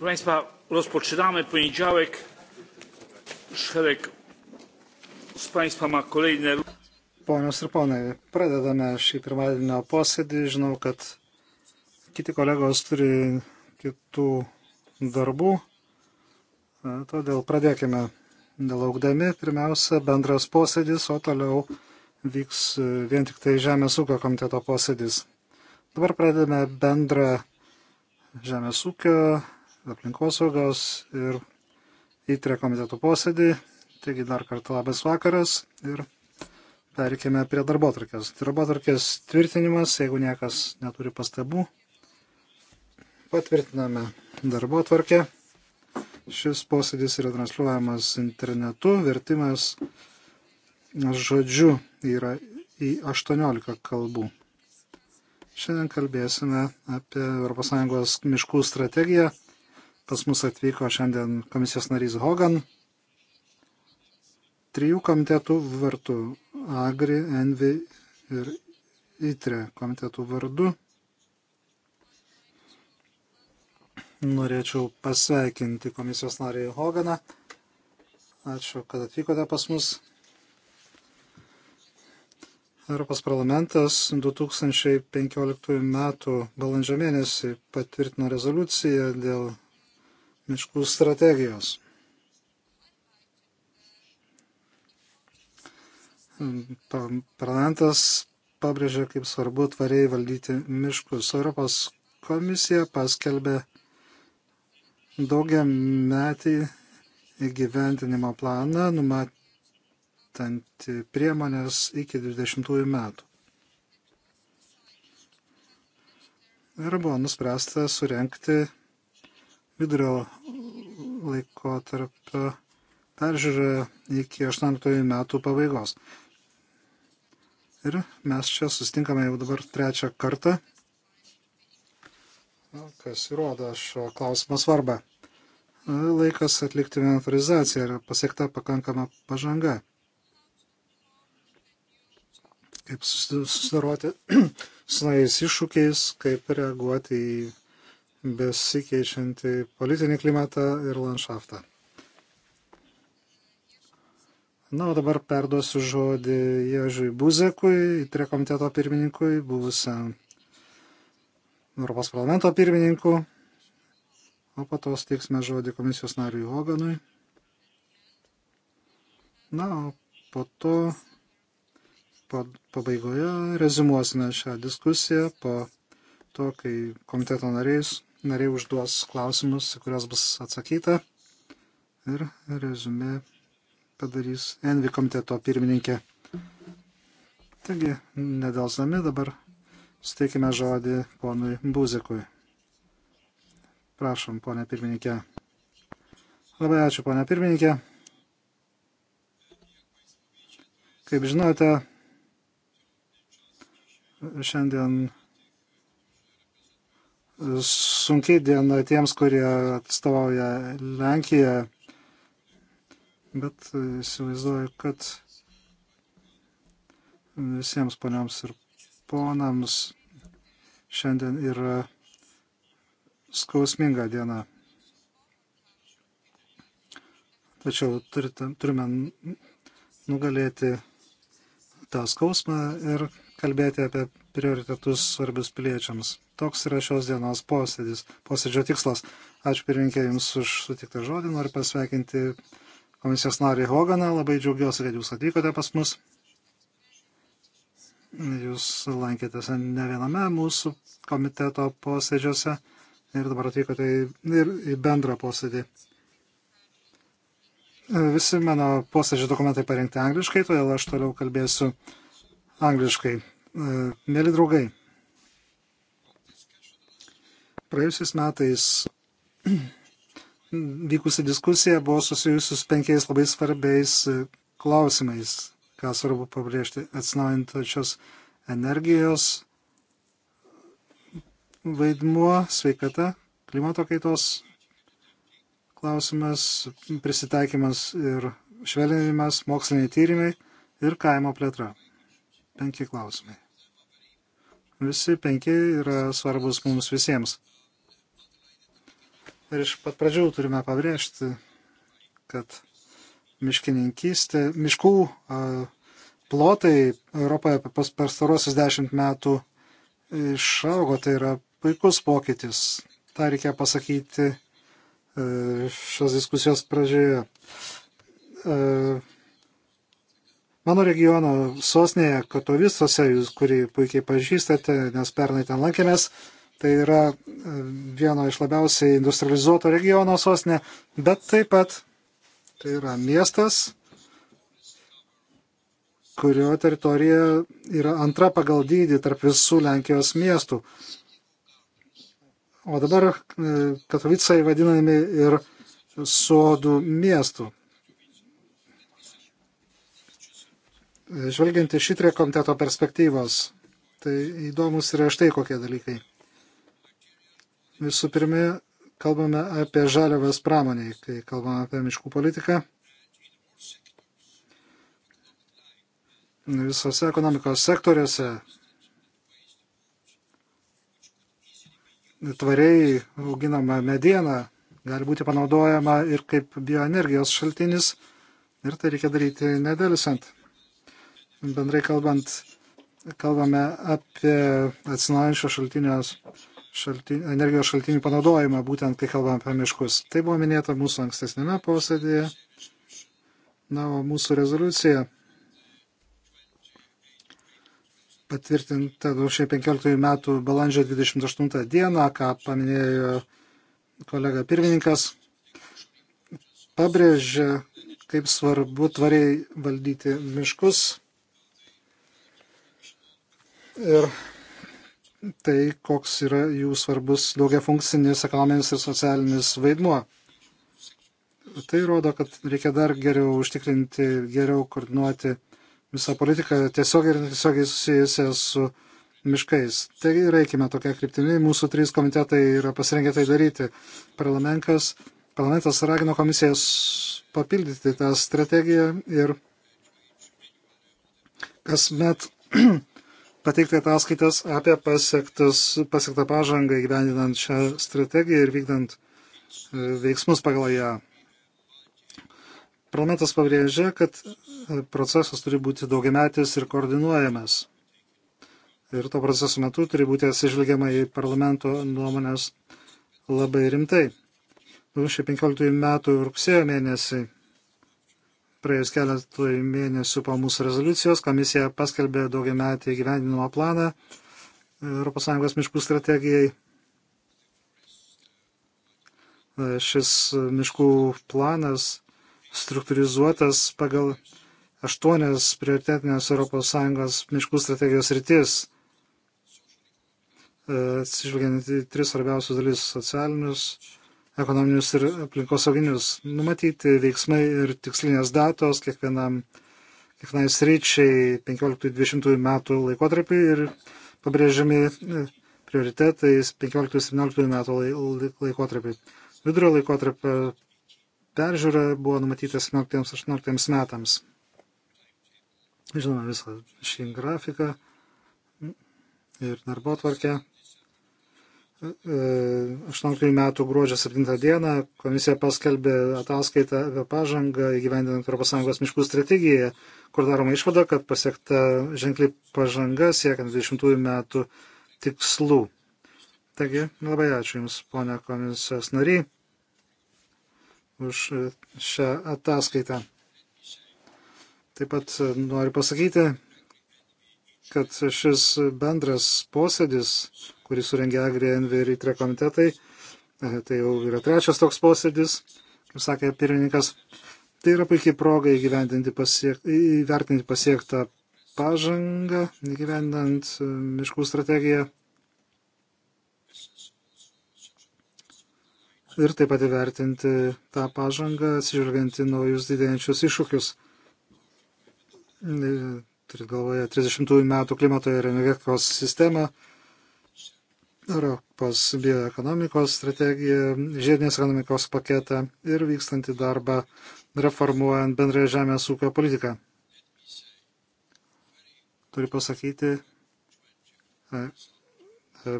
Proszę Państwa, rozpoczynamy poniedziałek. Szereg z Państwa ma kolejne. Ponios ir ponai, pradedame šį pirmadienio posėdį. Žinau, kad kiti kolegos turi kitų darbų, todėl pradėkime nelaukdami. Pirmiausia, bendras posėdis, o toliau vyks vien tik tai Žemės ūkio komiteto posėdis. Dabar pradedame bendrą Žemės ūkio aplinkosaugos ir įtrė komitetų posėdį. Taigi dar kartą labas vakaras ir perikime prie darbotvarkės. Darbotvarkės tvirtinimas, jeigu niekas neturi pastabų, patvirtiname darbotvarkę. Šis posėdis yra transliuojamas internetu, vertimas žodžiu yra į 18 kalbų. Šiandien kalbėsime apie ES miškų strategiją 2021-2027 Pas mus atvyko šiandien komisijos narys Hogan. Trijų komitetų vartų - Agri, Envi ir ITRE komitetų vardu. Norėčiau pasveikinti komisijos narį Hoganą. Ačiū, kad atvykote pas mus. Europos parlamentas 2015 m. balandžio mėnesį patvirtino rezoliuciją dėl miškų strategijos. Parlamentas pabrėžė, kaip svarbu tvariai valdyti miškus. Europos komisija paskelbė daugia metį įgyventinimo planą, numatant priemonės iki 20 metų. Ir buvo nuspręsta surenkti vidurio laiko tarp peržiūrą iki 18 metų pabaigos. Ir mes čia sustinkame jau dabar trečią kartą, kas įrodo šio klausimo svarbą. Laikas atlikti inventorizaciją ir pasiekta pakankama pažanga. Kaip susidaroti su naujais iššūkiais, kaip reaguoti į besikeičiantį politinį klimatą ir landšaftą. Na, o dabar perduosiu žodį Ježui Buzekui, įtre komiteto pirmininkui, buvusiam Europos parlamento pirmininku, o po to steiksime žodį komisijos nariui Hoganui. Na, o po to po, pabaigoje rezumuosime šią diskusiją po to, kai komiteto nariais nariai užduos klausimus, kuriuos bus atsakyta. Ir rezumė padarys Envi komiteto pirmininkė. Taigi, nedelsdami dabar suteikime žodį ponui Buzikui. Prašom, ponė pirmininkė. Labai ačiū, ponė pirmininkė. Kaip žinote, šiandien sunkiai diena tiems, kurie atstovauja Lenkiją, bet įsivaizduoju, kad visiems poniams ir ponams šiandien yra skausminga diena. Tačiau turite, turime nugalėti tą skausmą ir kalbėti apie prioritetus svarbius piliečiams. Toks yra šios dienos posėdis, posėdžio tikslas. Ačiū pirmininkė Jums už sutiktą žodį, noriu pasveikinti komisijos narį Hoganą, labai džiaugiuosi, kad Jūs atvykote pas mus. Jūs lankėtės ne viename mūsų komiteto posėdžiuose ir dabar atvykote į, ir į bendrą posėdį. Visi mano posėdžio dokumentai parengti angliškai, todėl aš toliau kalbėsiu angliškai. E, Mėly draugai, praėjusiais metais vykusi diskusija buvo susijusi su penkiais labai svarbiais e, klausimais, ką svarbu pabrėžti atsinaujantačios energijos vaidmuo, sveikata, klimato kaitos klausimas, prisitaikymas ir švelninimas, moksliniai tyrimai ir kaimo plėtra. Penki klausimai. Visi penki yra svarbus mums visiems. Ir iš pat pradžių turime pabrėžti, kad miškininkystė, miškų plotai Europoje per starosius dešimt metų išaugo, tai yra puikus pokytis. Ta reikia pasakyti e, šios diskusijos pradžioje. E, Mano regiono sosnėje, Katovicose, jūs kurį puikiai pažįstate, nes pernai ten lankėmės, tai yra e, vieno iš labiausiai industrializuoto regiono sosnė, bet taip pat tai yra miestas, kurio teritorija yra antra pagal dydį tarp visų Lenkijos miestų. O dabar e, Katovicai vadinami ir sodų miestų. Žvelgiant iš šitrie komiteto perspektyvos, tai įdomus yra štai kokie dalykai. Visų pirma, kalbame apie žaliavas pramoniai, kai kalbame apie miškų politiką. Visose ekonomikos sektoriuose tvariai auginama mediena gali būti panaudojama ir kaip bioenergijos šaltinis ir tai reikia daryti nedėlisant bendrai kalbant, kalbame apie atsinaujančio šaltinios šaltin, energijos šaltinių panaudojimą, būtent kai kalbame apie miškus. Tai buvo minėta mūsų ankstesnėme posėdėje. Na, o mūsų rezoliucija patvirtinta 2015 metų balandžio 28 dieną, ką paminėjo kolega pirmininkas, pabrėžia, kaip svarbu tvariai valdyti miškus ir tai, koks yra jų svarbus daugiafunkcinis ekonominis ir socialinis vaidmuo. Tai rodo, kad reikia dar geriau užtikrinti, geriau koordinuoti visą politiką tiesiog ir tiesiogiai susijusią su miškais. Taigi reikime tokia kryptimi, mūsų trys komitetai yra pasirengę tai daryti. Parlamentas, parlamentas ragino komisijas papildyti tą strategiją ir kasmet pateikti ataskaitas apie pasiektą pažangą įgyvendinant šią strategiją ir vykdant e, veiksmus pagal ją. Parlamentas pabrėžia, kad e, procesas turi būti daugiametis ir koordinuojamas. Ir to proceso metu turi būti atsižvelgiama į parlamento nuomonės labai rimtai. 2015 m. rugsėjo mėnesį Praėjus keletui mėnesių po mūsų rezoliucijos komisija paskelbė daugiametį gyvendinimo planą ES miškų strategijai. Šis miškų planas struktūrizuotas pagal aštuonias prioritetinės ES miškų strategijos rytis, atsižvelgiant į tris svarbiausius dalis - socialinius, ekonominius ir aplinkosauginius. Numatyti veiksmai ir tikslinės datos kiekvienam, kiekvienai sričiai 15-20 metų laikotarpį ir pabrėžiami e, prioritetai 15-17 metų laikotarpį. Vidurio laikotarpio peržiūra buvo numatyta 17-18 metams. Žinoma, visą šį grafiką ir darbo tvarkę. 18 metų gruodžio 7 dieną komisija paskelbė ataskaitą apie pažangą įgyvendinant ES miškų strategiją, kur daroma išvada, kad pasiekta ženkliai pažanga siekiant 20 metų tikslų. Taigi, labai ačiū Jums, ponia komisijos nariai, už šią ataskaitą. Taip pat noriu pasakyti, kad šis bendras posėdis, kurį surengė Agrija NV ir ITRE komitetai, e, tai jau yra trečias toks posėdis, kaip sakė pirmininkas, tai yra puikiai proga pasiek, įvertinti pasiektą pažangą, įgyvendant e, miškų strategiją. Ir taip pat įvertinti tą pažangą, atsižvelgiant į naujus didėjančius iššūkius e, turit galvoje 30 metų klimato ir energetikos sistemą, Europos bioekonomikos strategiją, žiedinės ekonomikos paketą ir vykstantį darbą reformuojant bendrąją žemės ūkio politiką. Turiu pasakyti, e, e,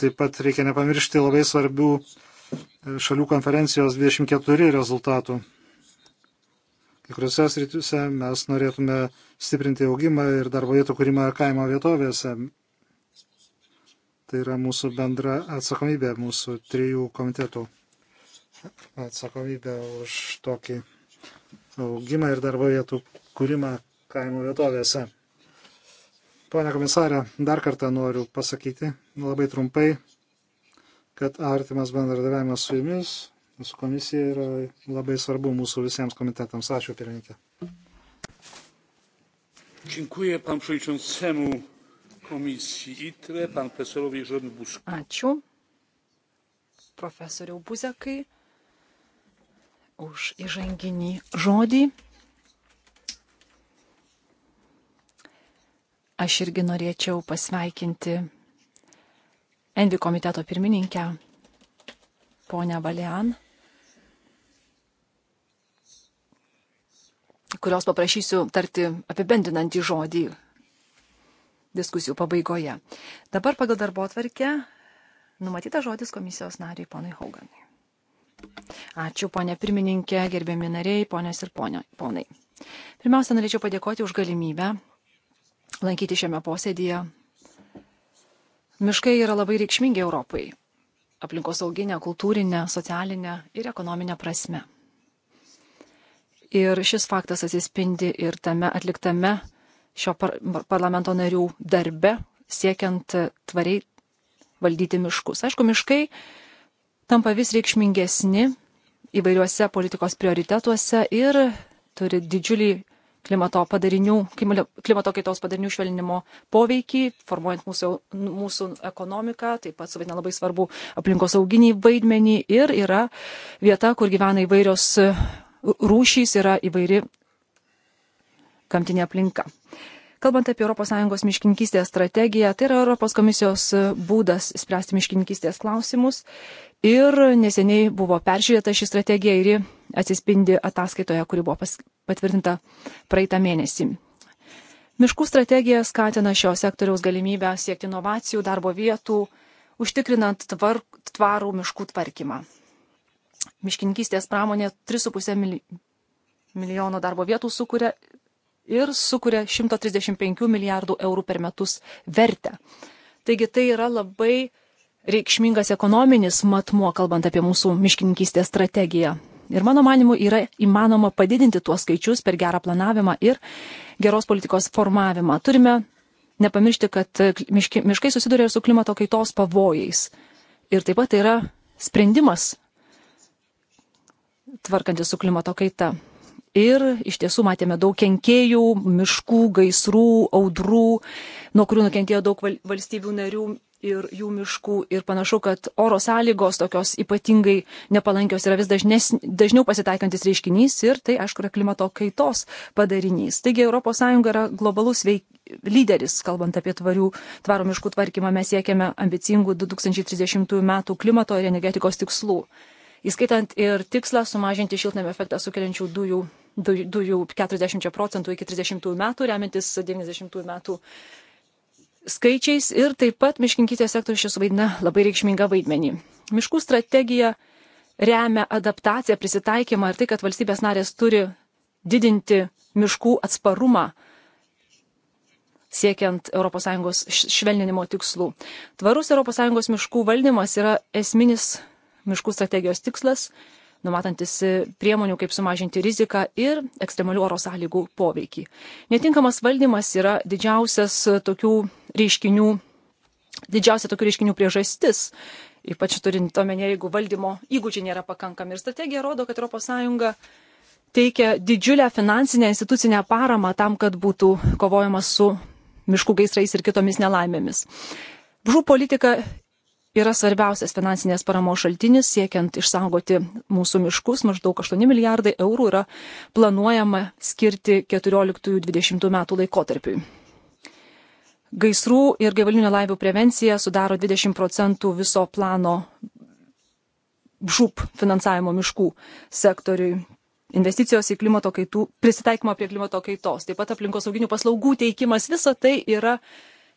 taip pat reikia nepamiršti labai svarbių e, šalių konferencijos 24 rezultatų. Kai kuriuose srityse mes norėtume stiprinti augimą ir darbo vietų kūrimą kaimo vietovėse. Tai yra mūsų bendra atsakomybė, mūsų trijų komitetų atsakomybė už tokį augimą ir darbo vietų kūrimą kaimo vietovėse. Pone komisarė, dar kartą noriu pasakyti labai trumpai, kad artimas bendradavimas su jumis su komisija yra labai svarbu mūsų visiems komitetams. Ačiū, pirmininkė. Dziękuję pan przewodniczącemu komisji ITRE, pan profesorowi Jerzemu Buzekowi. Ačiū profesoriau Buzekai už įžanginį žodį. Aš irgi norėčiau pasveikinti Endi komiteto pirmininkę, ponę Valian. kurios paprašysiu tarti apibendinantį žodį diskusijų pabaigoje. Dabar pagal darbo atvarkę numatytas žodis komisijos nariai ponui Hauganui. Ačiū, ponė pirmininkė, gerbiami nariai, ponės ir ponio, ponai. Pirmiausia, norėčiau padėkoti už galimybę lankyti šiame posėdėje. Miškai yra labai reikšmingi Europai - aplinkosauginė, kultūrinė, socialinė ir ekonominė prasme. Ir šis faktas atsispindi ir tame atliktame šio par parlamento narių darbe, siekiant tvariai valdyti miškus. Aišku, miškai tampa vis reikšmingesni įvairiuose politikos prioritetuose ir turi didžiulį klimato, padarinių, klimato kaitos padarinių švelnimo poveikį, formuojant mūsų, mūsų ekonomiką, taip pat suvaidina labai svarbu aplinkos auginį vaidmenį ir yra vieta, kur gyvena įvairios rūšys yra įvairi gamtinė aplinka. Kalbant apie ES miškininkystės strategiją, tai yra ES komisijos būdas spręsti miškininkystės klausimus. Ir neseniai buvo peržiūrėta ši strategija ir ji atsispindi ataskaitoje, kuri buvo pas, patvirtinta praeitą mėnesį. Miškų strategija skatina šio sektoriaus galimybę siekti inovacijų, darbo vietų, užtikrinant tvar, tvarų miškų tvarkymą miškininkystės pramonė 3,5 milijono darbo vietų sukuria ir sukuria 135 milijardų eurų per metus vertę. Taigi tai yra labai reikšmingas ekonominis matmuo, kalbant apie mūsų miškininkystės strategiją. Ir mano manimu yra įmanoma padidinti tuos skaičius per gerą planavimą ir geros politikos formavimą. Turime nepamiršti, kad miški, miškai susiduria ir su klimato kaitos pavojais. Ir taip pat tai yra sprendimas tvarkantis su klimato kaita. Ir iš tiesų matėme daug kenkėjų, miškų, gaisrų, audrų, nuo kurių nukentėjo daug valstybių narių ir jų miškų. Ir panašu, kad oro sąlygos tokios ypatingai nepalankios yra vis dažnes, dažniau pasitaikantis reiškinys ir tai, aišku, yra klimato kaitos padarinys. Taigi ES yra globalus veik, lyderis, kalbant apie tvarių, tvaro miškų tvarkymą. Mes siekiame ambicingų 2030 metų klimato ir energetikos tikslų įskaitant ir tikslą sumažinti šiltnamio efektą sukeliančių dujų, dujų, dujų 40 procentų iki 30 metų, remiantis 90 metų skaičiais ir taip pat miškinkitės sektorius šis vaidina labai reikšmingą vaidmenį. Miškų strategija remia adaptaciją, prisitaikymą ir tai, kad valstybės narės turi didinti miškų atsparumą siekiant ES švelninimo tikslų. Tvarus ES miškų valdymas yra esminis miškų strategijos tikslas, numatantis e, priemonių, kaip sumažinti riziką ir ekstremalių oro sąlygų poveikį. Netinkamas valdymas yra didžiausias e, tokių reiškinių, didžiausia tokių reiškinių priežastis. Ypač turint omenyje, jeigu valdymo įgūdžiai nėra pakankami. Ir strategija rodo, kad ES teikia didžiulę finansinę institucinę paramą tam, kad būtų kovojama su miškų gaisrais ir kitomis nelaimėmis. Žų politika yra svarbiausias finansinės paramos šaltinis siekiant išsaugoti mūsų miškus maždaug 8 milijardai eurų yra planuojama skirti 14-20 metų laikotarpiui. Gaisrų ir gaivalinių nelaimių prevencija sudaro 20 procentų viso plano žūp finansavimo miškų sektoriui investicijos į klimato kaitų, prisitaikymą prie klimato kaitos, taip pat aplinkosauginių paslaugų teikimas, visa tai yra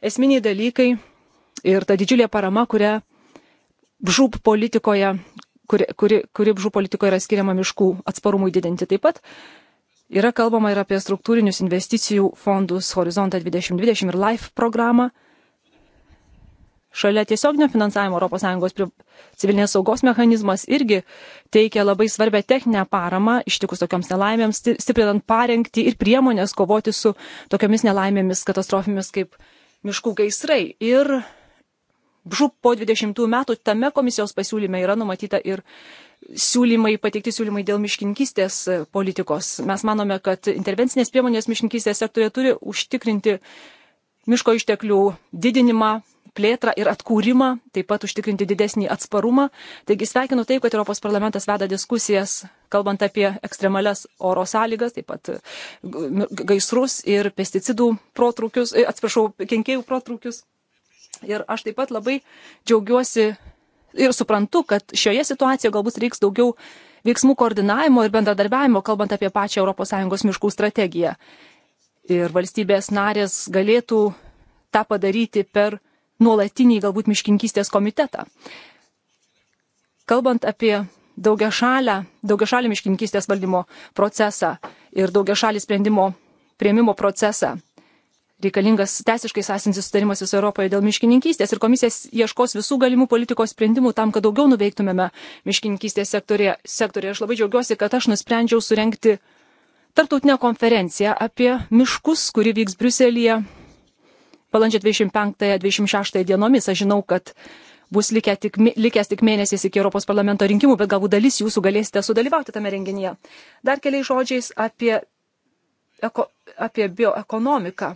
esminiai dalykai ir ta didžiulė parama, kurią žūb politikoje, kuri, kuri, kuri žūb politikoje yra skiriama miškų atsparumui didinti taip pat. Yra kalbama ir apie struktūrinius investicijų fondus Horizontą 2020 ir LIFE programą. Šalia tiesioginio finansavimo ES civilinės saugos mechanizmas irgi teikia labai svarbę techninę paramą ištikus tokioms nelaimėms, stiprinant parengti ir priemonės kovoti su tokiomis nelaimėmis, katastrofimis kaip miškų gaisrai. Ir žūp po 20 metų tame komisijos pasiūlyme yra numatyta ir siūlymai, pateikti siūlymai dėl miškinkystės politikos. Mes manome, kad intervencinės priemonės miškinkystės sektorė turi užtikrinti miško išteklių didinimą, plėtrą ir atkūrimą, taip pat užtikrinti didesnį atsparumą. Taigi sveikinu tai, kad Europos parlamentas veda diskusijas, kalbant apie ekstremales oro sąlygas, taip pat gaisrus ir pesticidų protrukius, e, atsiprašau, kenkėjų protrukius. Ir aš taip pat labai džiaugiuosi ir suprantu, kad šioje situacijoje galbūt reiks daugiau veiksmų koordinavimo ir bendradarbiavimo, kalbant apie pačią ES miškų strategiją. Ir valstybės narės galėtų tą padaryti per nuolatinį galbūt miškinkystės komitetą. Kalbant apie daugia šalę, daugia šalį miškinkystės valdymo procesą ir daugia šalį sprendimo prieimimo procesą, reikalingas teisiškai sąsintis sutarimas visoje Europoje dėl miškininkystės ir komisijas ieškos visų galimų politikos sprendimų tam, kad daugiau nuveiktumėme miškininkystės sektorėje. sektorėje. Aš labai džiaugiuosi, kad aš nusprendžiau surenkti tarptautinę konferenciją apie miškus, kuri vyks Briuselėje balandžio 25-26 dienomis. Aš žinau, kad bus likę tik, likęs tik mėnesis iki Europos parlamento rinkimų, bet galbūt dalis jūsų galėsite sudalyvauti tame renginyje. Dar keliais žodžiais apie, eko, apie bioekonomiką.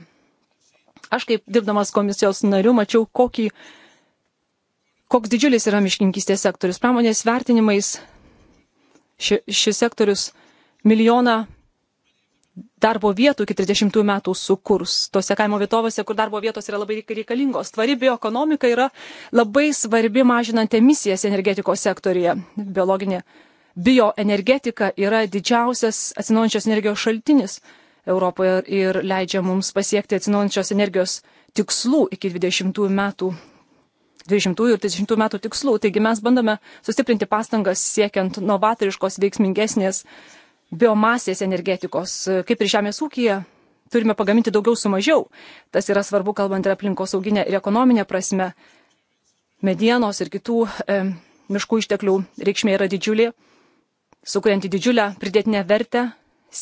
Aš kaip dirbdamas komisijos nariu mačiau, kokį, koks didžiulis yra miškininkystės sektorius. Pramonės vertinimais ši, šis sektorius milijoną darbo vietų iki 30 metų sukurs. Tose kaimo vietovose, kur darbo vietos yra labai reikalingos. Tvari bioekonomika yra labai svarbi mažinant emisijas energetikos sektorija. Biologinė bioenergetika yra didžiausias atsinaujančios energijos šaltinis. Europoje ir leidžia mums pasiekti atsinaujančios energijos tikslų iki 20 metų. 20 ir 30 metų tikslų. Taigi mes bandome sustiprinti pastangas siekiant novatoriškos, veiksmingesnės biomasės energetikos, kaip ir žemės ūkija. Turime pagaminti daugiau su mažiau. Tas yra svarbu, kalbant ir aplinkosauginę ir ekonominę prasme. Medienos ir kitų e, miškų išteklių reikšmė yra didžiulė, sukurianti didžiulę pridėtinę vertę,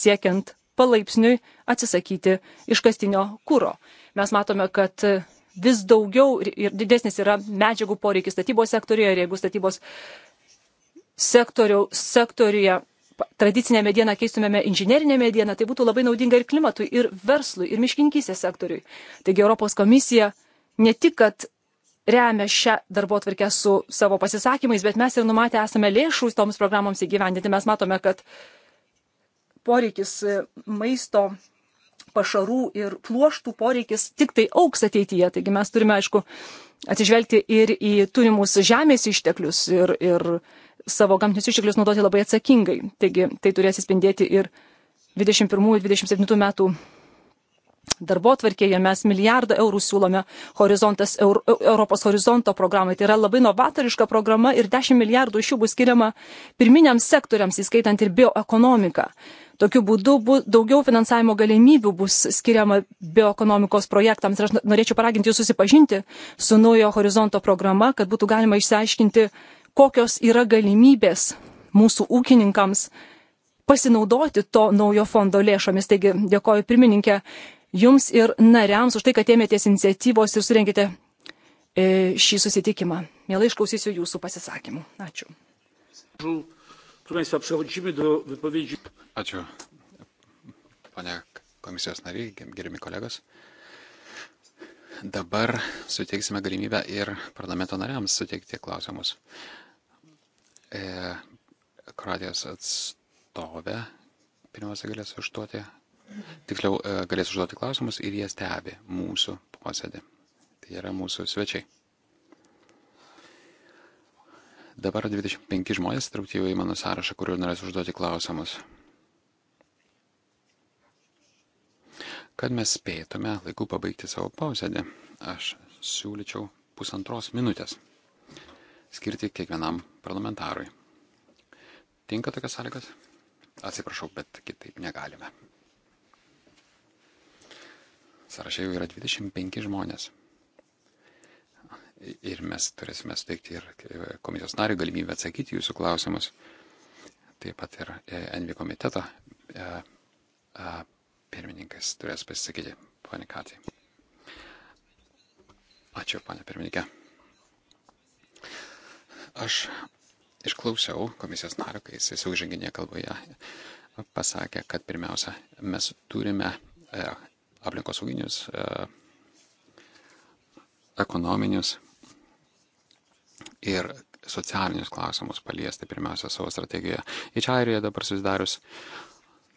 siekiant palaipsniui atsisakyti iškastinio kūro. Mes matome, kad vis daugiau ir didesnis yra medžiagų poreikis statybos sektorijoje ir jeigu statybos sektorių, sektoriuje tradicinę medieną keistumėme inžinerinę medieną, tai būtų labai naudinga ir klimatui, ir verslui, ir miškinkysės sektoriui. Taigi Europos komisija ne tik, kad remia šią darbo tvarkę su savo pasisakymais, bet mes ir numatę esame lėšų toms programoms įgyvendinti. Mes matome, kad poreikis e, maisto pašarų ir pluoštų poreikis tik tai auks ateityje. Taigi mes turime, aišku, atsižvelgti ir į turimus žemės išteklius ir, ir savo gamtinius išteklius naudoti labai atsakingai. Taigi tai turės įspindėti ir 21-27 metų darbo tvarkėje mes milijardą eurų siūlome horizontas, Euro, Europos horizonto programai. Tai yra labai novatoriška programa ir 10 milijardų iš jų bus skiriama pirminiams sektoriams, įskaitant ir bioekonomiką. Tokiu būdu bu, daugiau finansavimo galimybių bus skiriama bioekonomikos projektams. Ir aš norėčiau paraginti jūs susipažinti su naujo horizonto programa, kad būtų galima išsiaiškinti, kokios yra galimybės mūsų ūkininkams pasinaudoti to naujo fondo lėšomis. Taigi dėkoju pirmininkė jums ir nariams už tai, kad ėmėtės iniciatyvos ir surengėte e, šį susitikimą. Mielai išklausysiu jūsų pasisakymų. Ačiū. Ačiū, pane komisijos nariai, gerimi kolegos. Dabar suteiksime galimybę ir parlamento nariams suteikti klausimus. E, Kroatijos atstovė pirmiausia galės užduoti, tiksliau e, galės užduoti klausimus ir jie stebi mūsų posėdį. Tai yra mūsų svečiai. Dabar 25 žmonės traukti jau į mano sąrašą, kuriuo norės užduoti klausimus. Kad mes spėtume laiku pabaigti savo pausėdį, aš siūlyčiau pusantros minutės skirti kiekvienam parlamentarui. Tinka tokias sąlygas? Atsiprašau, bet kitaip negalime. Sąrašai jau yra 25 žmonės ir mes turėsime steigti ir komisijos narių galimybę atsakyti jūsų klausimus. Taip pat ir e, NV komiteto e, e, pirmininkas turės pasisakyti, ponė Katė. Ačiū, ponė pirmininkė. Aš išklausiau komisijos nario, kai jis įsiaužinginėje kalboje pasakė, kad pirmiausia, mes turime aplinkosauginius, ekonominius ir socialinius klausimus paliesti pirmiausia savo strategijoje. Iš Airijoje dabar susidarius,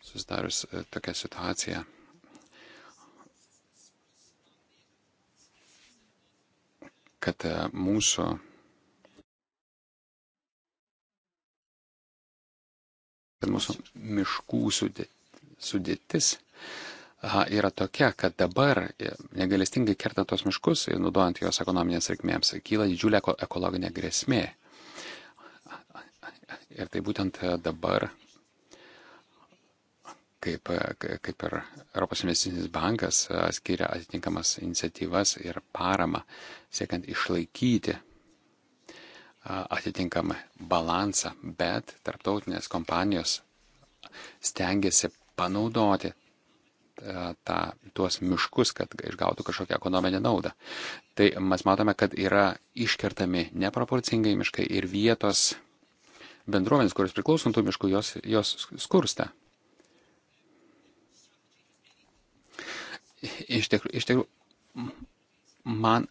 susidarius e, tokia situacija. kad e, mūsų kad mūsų miškų sudėtis yra tokia, kad dabar e, negalestingai kertant tos miškus ir naudojant juos ekonominės reikmėms, kyla didžiulė ekologinė grėsmė. Ir tai būtent dabar, kaip, kaip ir Europos investicinis bankas e, skiria atitinkamas iniciatyvas ir paramą, siekiant išlaikyti atitinkamą balansą, bet tarptautinės kompanijos stengiasi panaudoti E, tą, tuos miškus, kad išgautų kažkokią ekonominę naudą. Tai mes matome, kad yra iškertami neproporcingai miškai ir vietos bendruomenės, kurios priklauso tų miškų, jos, jos skursta. Iš tikrųjų, iš tikrųjų, man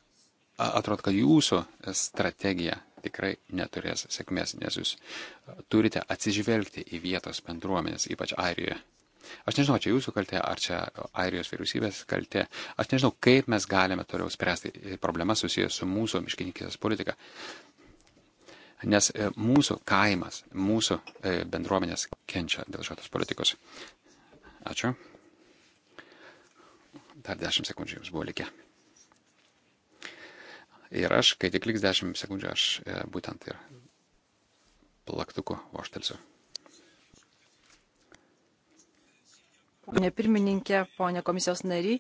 atrodo, kad jūsų strategija tikrai neturės sėkmės, nes jūs turite atsižvelgti į vietos bendruomenės, ypač Airijoje. Aš nežinau, čia jūsų kaltė, ar čia Airijos vyriausybės kaltė. Aš nežinau, kaip mes galime toliau spręsti problemas susijęs su mūsų miškininkės politika. Nes e, mūsų kaimas, mūsų e, bendruomenės kenčia dėl šios politikos. Ačiū. Dar 10 sekundžių jums buvo likę. Ir aš, kai tik liks 10 sekundžių, aš e, būtent ir plaktuku voštelsiu. Pone pirmininkė, pone komisijos nariai,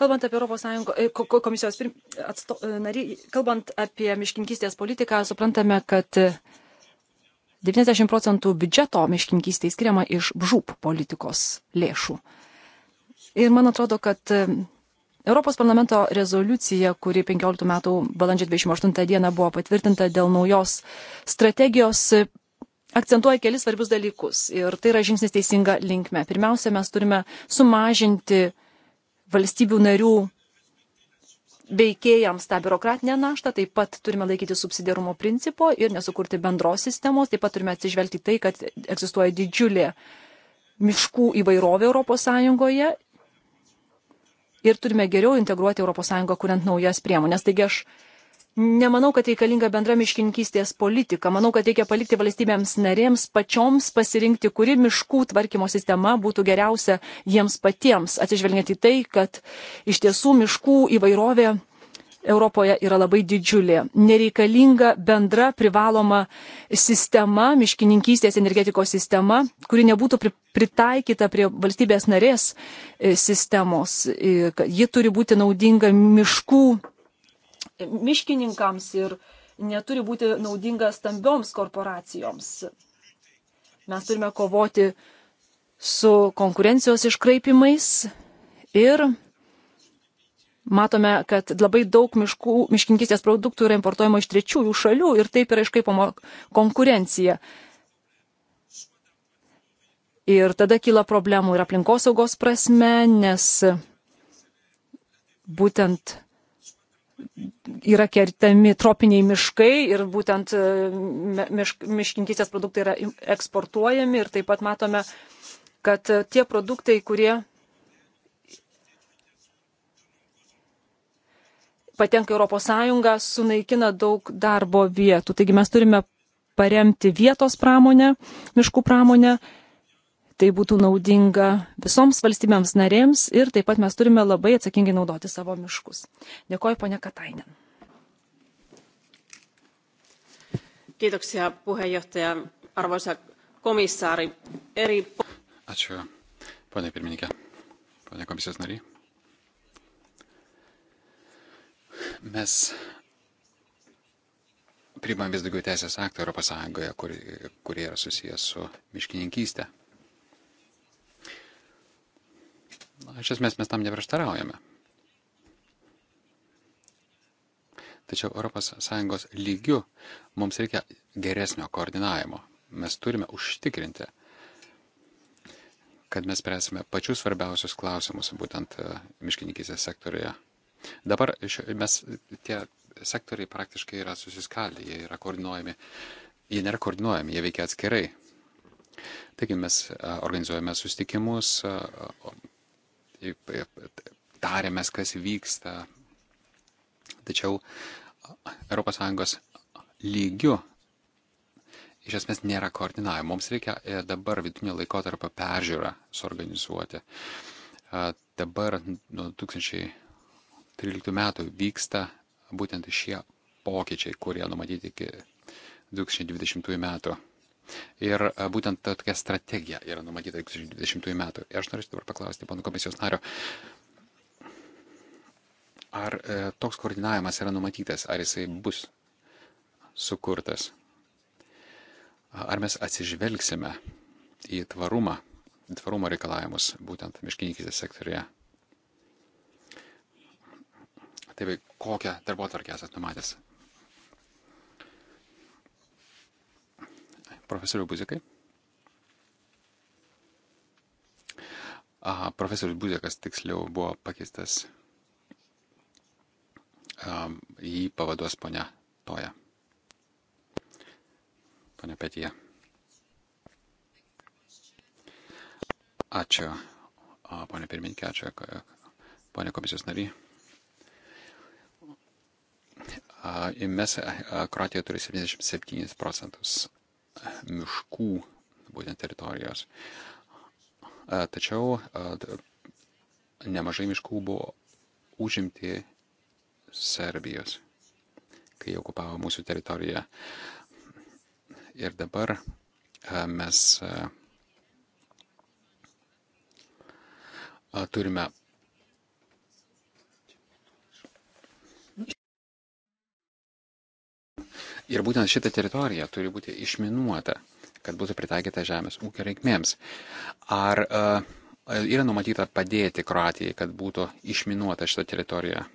kalbant apie Europos Sąjungos e, komisijos pir... atsto, e, nariai, kalbant apie miškinkystės politiką, suprantame, kad 90 procentų biudžeto miškinkystėje skiriama iš žūp politikos lėšų. Ir man atrodo, kad e, Europos parlamento rezoliucija, kuri 15 metų balandžio 28 dieną buvo patvirtinta dėl naujos strategijos akcentuoja kelis svarbius dalykus ir tai yra žingsnis teisinga linkme. Pirmiausia, mes turime sumažinti valstybių narių veikėjams tą biurokratinę naštą, taip pat turime laikyti subsidiarumo principo ir nesukurti bendros sistemos, taip pat turime atsižvelgti tai, kad egzistuoja didžiulė miškų įvairovė ES ir turime geriau integruoti ES, kuriant naujas priemonės. Taigi aš Nemanau, kad reikalinga bendra miškininkystės politika. Manau, kad reikia palikti valstybėms narėms pačioms pasirinkti, kuri miškų tvarkymo sistema būtų geriausia jiems patiems, atsižvelgiant į tai, kad iš tiesų miškų įvairovė Europoje yra labai didžiulė. Nereikalinga bendra privaloma sistema, miškininkystės energetikos sistema, kuri nebūtų pritaikyta prie valstybės narės e, sistemos. E, ji turi būti naudinga miškų miškininkams ir neturi būti naudinga stambioms korporacijoms. Mes turime kovoti su konkurencijos iškraipimais ir matome, kad labai daug miškų, miškinkistės produktų yra importuojama iš trečiųjų šalių ir taip yra iškaipama konkurencija. Ir tada kyla problemų ir aplinkosaugos prasme, nes būtent yra kertami tropiniai miškai ir būtent e, mišk, miškinkysės produktai yra eksportuojami ir taip pat matome, kad e, tie produktai, kurie patenka Europos Sąjungą, sunaikina daug darbo vietų. Taigi mes turime paremti vietos pramonę, miškų pramonę tai būtų naudinga visoms valstybėms narėms ir taip pat mes turime labai atsakingai naudoti savo miškus. Dėkoju, ponia Katainen. Kiitoksia puheenjohtaja, arvoisa komissaari. Eri... Ačiū, ponia pirmininkė, ponia komisijos nariai. Mes priimam vis daugiau teisės aktų ES, kurie kur yra susijęs su miškininkystė. Iš esmės mes tam neprieštaraujame. Tačiau ES lygių mums reikia geresnio koordinavimo. Mes turime užtikrinti, kad mes spręsime pačius svarbiausius klausimus būtent e, miškininkysės sektorijoje. Dabar mes tie sektoriai praktiškai yra susiskaldę, jie yra koordinuojami, jie nėra koordinuojami, jie veikia atskirai. Taigi mes e, organizuojame sustikimus, e, tarėmės, kas vyksta. Tačiau ES lygių iš esmės nėra koordinavimo. Mums reikia e, dabar vidutinio laikotarpio peržiūrą suorganizuoti. Dabar nuo 2013 metų vyksta būtent šie pokyčiai, kurie numatyti iki 2020 metų. Ir e, būtent tokia strategija yra numatyta 2020 metų. Ir aš norėčiau dabar paklausti, panu komisijos nario, ar e, toks koordinavimas yra numatytas, ar jisai bus sukurtas, ar mes atsižvelgsime į tvarumą, tvarumo reikalavimus būtent miškininkystės sektorėje. Taip, kokią darbo tvarkę esate numatęs Profesoriu Buzikai. A, profesorius Buzikas tiksliau buvo pakeistas. A, jį pavaduos ponia Toja. Pane Petija. Ačiū, ponė pirmininkė, ačiū, ponė komisijos nariai. Mes Kroatijoje turi 77 procentus miškų būtent teritorijos. E, tačiau e, nemažai miškų buvo užimti Serbijos, kai okupavo mūsų teritoriją. Ir dabar e, mes turime Ir būtent šita teritorija turi būti išminuota, kad būtų pritaikyta žemės ūkio reikmėms. Ar uh, yra numatyta padėti Kroatijai, kad būtų išminuota šita teritorija?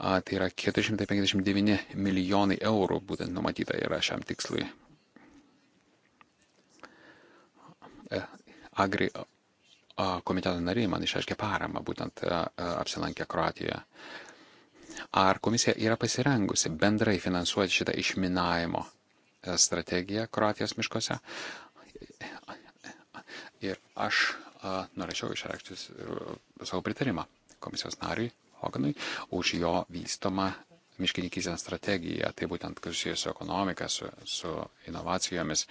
Uh, tai yra 459 milijonai eurų būtent numatyta yra šiam tikslui. Uh, agri komiteto nariai man išaiškė paramą būtent apsilankę Kroatijoje. Ar komisija yra pasirengusi bendrai finansuoti šitą išminavimo e, strategiją Kroatijos miškose? Ir aš a, e, norėčiau išreikšti e, savo pritarimą komisijos nariui Hoganui už jo vystomą miškininkysės strategiją, tai būtent susijęs su ekonomika, su, su inovacijomis.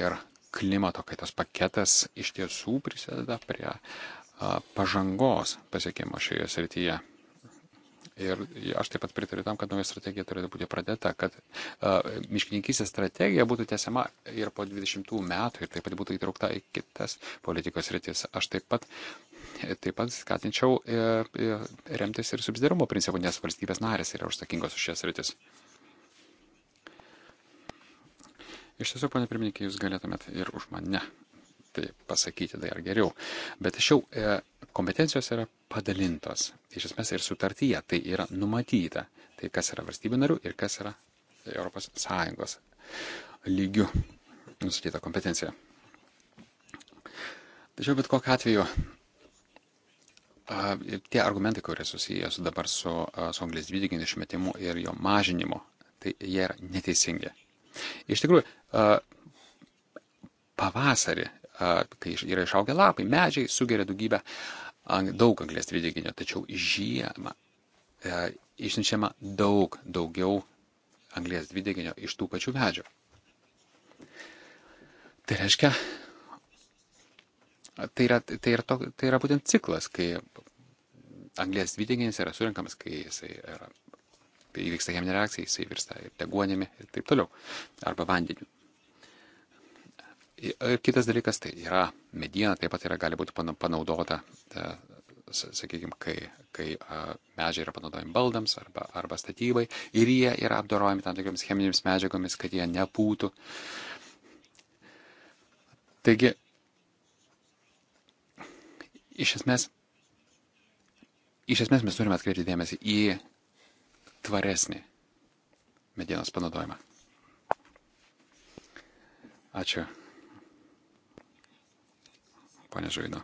Ir klimato kaitos paketas iš tiesų prisideda prie a, pažangos pasiekimo šioje srityje. Ir aš taip pat pritariu tam, kad nauja strategija turėtų būti pradėta, kad uh, miškininkysės strategija būtų tęsiama ir po 20 metų ir taip pat būtų įtraukta į kitas politikos rytis. Aš taip pat, taip pat skatinčiau uh, remtis ir subsidiarumo principų, nes valstybės narės yra užsakingos už šias rytis. Iš tiesų, ponė pirmininkė, jūs galėtumėt ir už mane tai pasakyti dar geriau. Bet aš jau e, Kompetencijos yra padalintos. Iš esmės ir sutartyje tai yra numatyta. Tai kas yra valstybių narių ir kas yra ES lygių nustatyta kompetencija. Tačiau bet kokiu atveju tie argumentai, kurie susijęs dabar su, su anglis dvideginio išmetimu ir jo mažinimu, tai jie yra neteisingi. Iš tikrųjų, pavasarį kai yra išaugę lapai, medžiai sugeria daugybę daug anglės dvideginio, tačiau žiemą e, išnešama daug daugiau anglės dvideginio iš tų pačių medžių. Tai reiškia, tai yra, tai yra, to, tai yra būtent ciklas, kai anglės dvideginis yra surinkamas, kai jisai yra, įvyksta cheminė reakcija, jisai virsta ir deguonimi ir taip toliau, arba vandeniu. Kitas dalykas tai yra mediena, taip pat yra, gali būti panaudota, e, sakykime, kai, kai medžiai yra panaudojami baldams arba, arba statybai ir jie yra apdorojami tam tikrimis cheminėmis medžiagomis, kad jie nepūtų. Taigi, iš esmės, iš esmės mes turime atkreipti dėmesį į tvaresnį medienos panaudojimą. Ačiū ponė Žaido.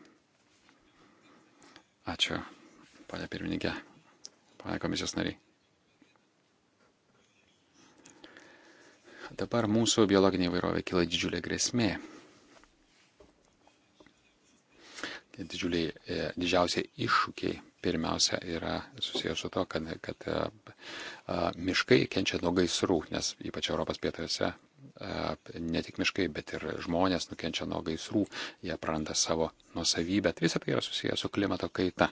Ačiū, ponė pirmininkė, ponė komisijos nariai. Dabar mūsų biologinė įvairovė kila didžiulė grėsmė. Tai didžiuliai, e, didžiausiai iššūkiai pirmiausia yra susijęs su to, kad, kad a, e, miškai kenčia nuo gaisrų, nes ypač Europos pietuose E, ne tik miškai, bet ir žmonės nukenčia nuo gaisrų, jie praranda savo nusavybę. Tai visą tai yra susijęs su klimato kaita.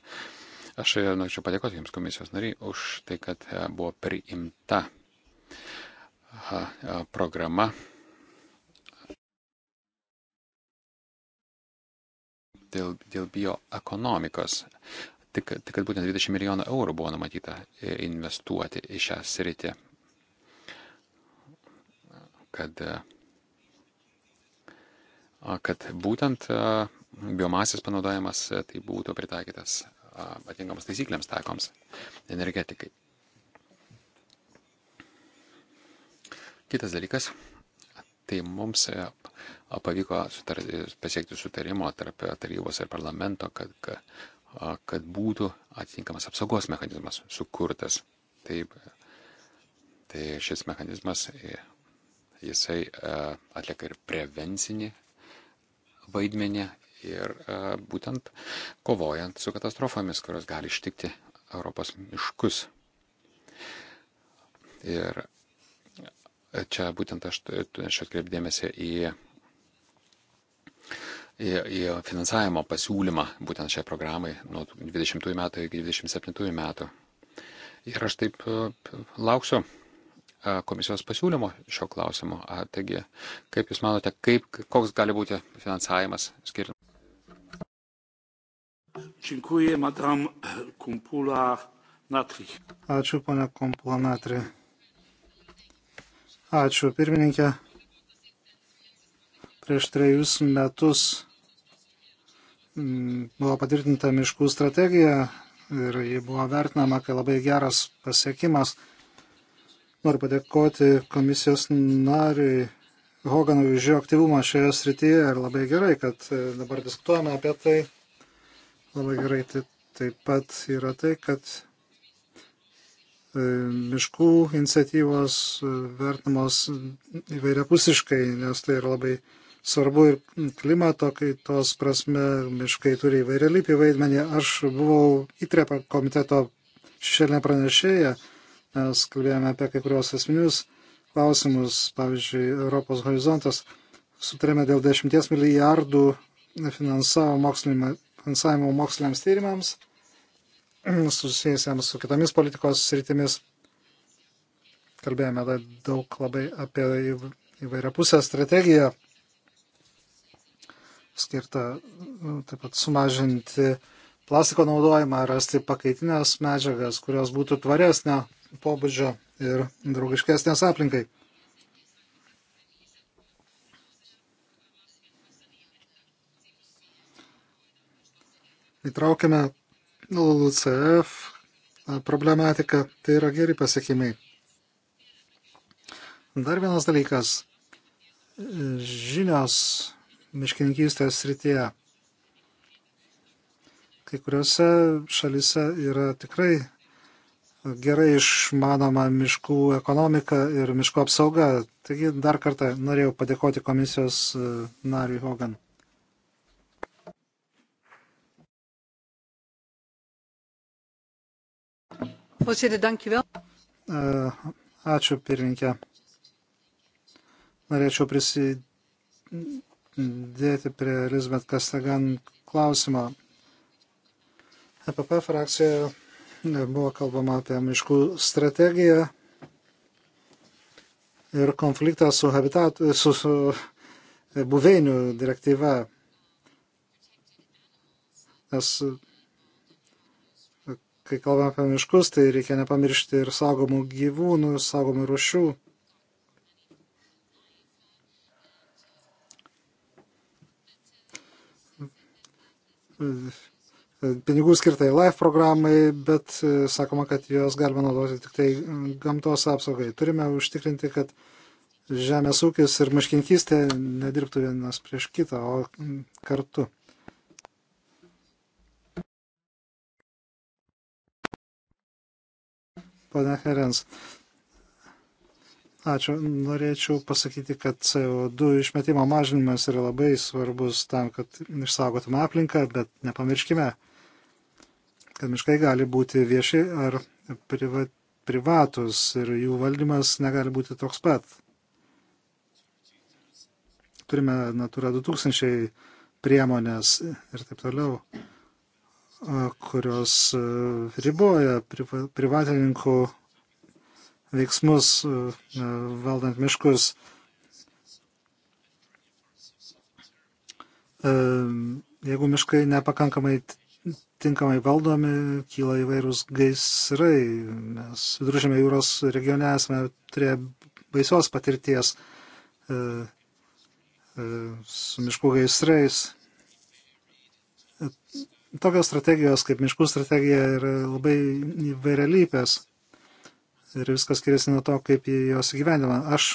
Aš e, norėčiau padėkoti Jums komisijos nariai už tai, kad e, buvo priimta programa dėl, dėl bioekonomikos. Tik, tik kad būtent 20 milijonų eurų buvo numatyta investuoti į šią sritį kad, e, kad būtent e, biomasės panaudojimas e, tai būtų pritaikytas atitinkamas taisyklėms taikoms energetikai. Kitas dalykas, tai mums pavyko sutar, pasiekti sutarimo tarp tarybos ir parlamento, kad, kad būtų atitinkamas apsaugos mechanizmas sukurtas. Taip, tai šis mechanizmas jisai e, atlieka ir prevencinį vaidmenį ir e, būtent kovojant su katastrofomis, kurios gali ištikti Europos miškus. Ir e, čia būtent aš, aš atkreipdėmėsi į, į, į finansavimo pasiūlymą būtent šiai programai nuo 20 metų iki 27 metų. Ir aš taip lauksiu komisijos pasiūlymo šio klausimu. Taigi, kaip Jūs manote, kaip, koks gali būti finansavimas skirtas? Dziękuję, madam Kumpula Natri. Ačiū, ponia Kumpula Natri. Ačiū, pirmininkė. Prieš trejus metus mm, buvo patvirtinta miškų strategija ir ji buvo vertinama kaip labai geras pasiekimas Noriu padėkoti komisijos nariui Hoganui už jo aktyvumą šioje srityje ir labai gerai, kad e, dabar diskutuojame apie tai. Labai gerai tai, taip pat yra tai, kad e, miškų iniciatyvos e, vertinamos įvairiapusiškai, nes tai yra labai svarbu ir klimato kaitos prasme, miškai turi įvairialypį vaidmenį. Aš buvau įtrepa komiteto šešėlinė pranešėja Mes kalbėjome apie kai kurios esminius klausimus, pavyzdžiui, Europos horizontas. Sutarėme dėl 10 milijardų finansavimo moksliniams tyrimams, susijusiams su kitomis politikos sritimis. Kalbėjome daug labai apie įvairiapusę strategiją, skirtą nu, taip pat sumažinti plastiko naudojimą, rasti pakaitinės medžiagas, kurios būtų tvaresnio pobūdžio ir draugiškesnės aplinkai. Įtraukiame LUCF problematiką, tai yra geri pasiekimai. Dar vienas dalykas - žinios miškininkystės srityje kai kuriuose šalise yra tikrai gerai išmanoma miškų ekonomika ir miško apsauga. Taigi dar kartą norėjau padėkoti komisijos e, nariui Hogan. E, ačiū pirmininkė. Norėčiau prisidėti prie Elizabeth Kastagan klausimo. EPP frakcija Buvo kalbama apie miškų strategiją ir konfliktą su, habitat, su, su buveinių direktyva. Nes kai kalbame apie miškus, tai reikia nepamiršti ir saugomų gyvūnų, saugomų rušių. Uh, E, pinigų skirtai LIFE programai, bet e, sakoma, kad jos galima naudoti tik tai e, gamtos apsaugai. Turime užtikrinti, kad žemės ūkis ir miškinkystė nedirbtų vienas prieš kitą, o kartu. Pane Herens, Ačiū. Norėčiau pasakyti, kad CO2 išmetimo mažinimas yra labai svarbus tam, kad išsaugotume aplinką, bet nepamirškime, kad miškai gali būti vieši ar priva, privatus ir jų valdymas negali būti toks pat. Turime Natura 2000 priemonės ir taip toliau, kurios riboja privatininkų veiksmus valdant miškus. Jeigu miškai nepakankamai tinkamai valdomi, kyla įvairūs gaisrai. Mes viduržėme jūros regione esame turėję baisios patirties e, e, su miškų gaisrais. Tokios strategijos kaip miškų strategija yra labai įvairialypės ir viskas skiriasi nuo to, kaip jos gyvenimą. Aš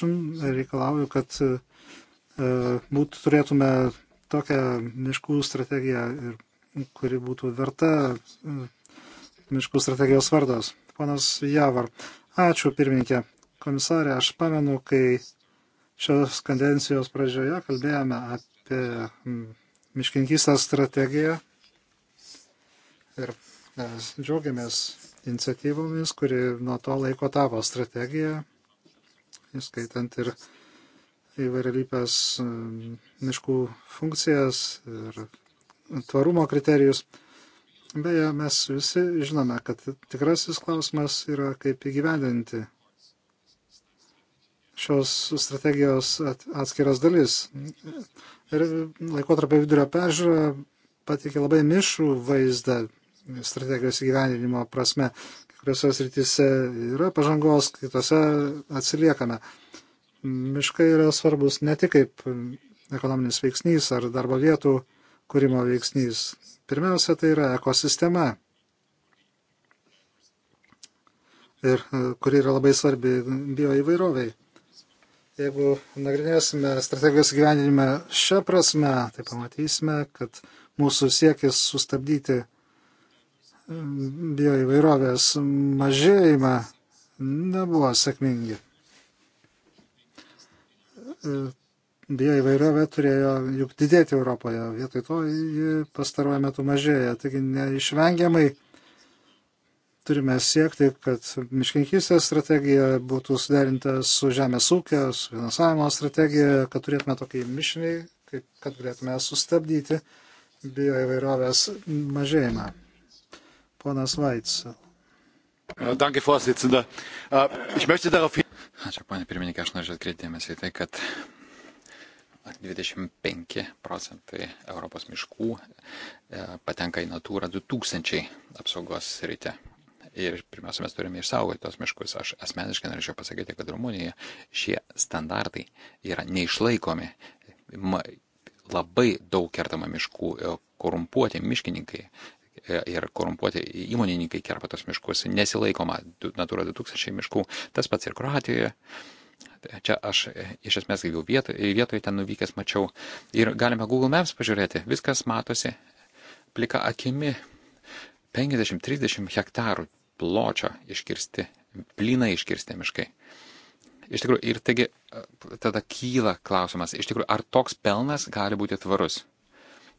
reikalauju, kad e, būtų turėtume tokią miškų strategiją ir kuri būtų verta mm, miškų strategijos vardos. Ponas Javar, ačiū pirmininkė. Komisarė, aš pamenu, kai šios kadencijos pradžioje kalbėjome apie mm, miškinkystės strategiją ir mes džiaugiamės iniciatyvomis, kuri nuo to laiko tapo strategija, įskaitant ir įvairialypės mm, miškų funkcijas ir tvarumo kriterijus. Beje, mes visi žinome, kad tikrasis klausimas yra, kaip įgyvendinti šios strategijos atskiras dalis. Ir laikotarpio vidurio peržiūra patikė labai mišrų vaizdą strategijos įgyvendinimo prasme. Kiekvienose srityse yra pažangos, kitose atsiliekame. Miškai yra svarbus ne tik kaip ekonominis veiksnys ar darbo vietų kūrimo veiksnys. Pirmiausia, tai yra ekosistema, ir, e, kuri yra labai svarbi bioįvairoviai. Jeigu nagrinėsime strategijos gyvenime šią prasme, tai pamatysime, kad mūsų siekis sustabdyti mm, bioįvairovės mažėjimą nebuvo sėkmingi e, Bija įvairovė turėjo juk didėti Europoje, vietoj to ji pastaruoju metu mažėja. Taigi neišvengiamai turime siekti, kad miškinkystės strategija būtų suderinta su žemės ūkio, su finansavimo strategija, kad turėtume tokį mišinį, kad galėtume sustabdyti bioįvairovės mažėjimą. Ponas Vaits. Äh, danke, Vorsitzender. Äh, ich möchte darauf hin. Ačiū, ponė pirmininkė, aš norėčiau atkreipti dėmesį į tai, kad 25 procentai Europos miškų e, patenka į Natūra 2000 apsaugos rytę. Ir pirmiausia, mes turime išsaugoti tos miškus. Aš asmeniškai norėčiau pasakyti, kad Rumunijoje šie standartai yra neišlaikomi. Labai daug kertama miškų, e, korumpuoti miškininkai e, ir korumpuoti įmonininkai kerpa tos miškus, nesilaikoma Natura 2000 miškų. Tas pats ir Kroatijoje. Tai čia aš e, iš esmės gyviau vietoje, vietoje ten nuvykęs mačiau. Ir galime Google Maps pažiūrėti, viskas matosi plika akimi. 50-30 hektarų pločio iškirsti, plinai iškirsti miškai. Iš tikrųjų, ir taigi e, tada kyla klausimas, iš tikrųjų, ar toks pelnas gali būti tvarus?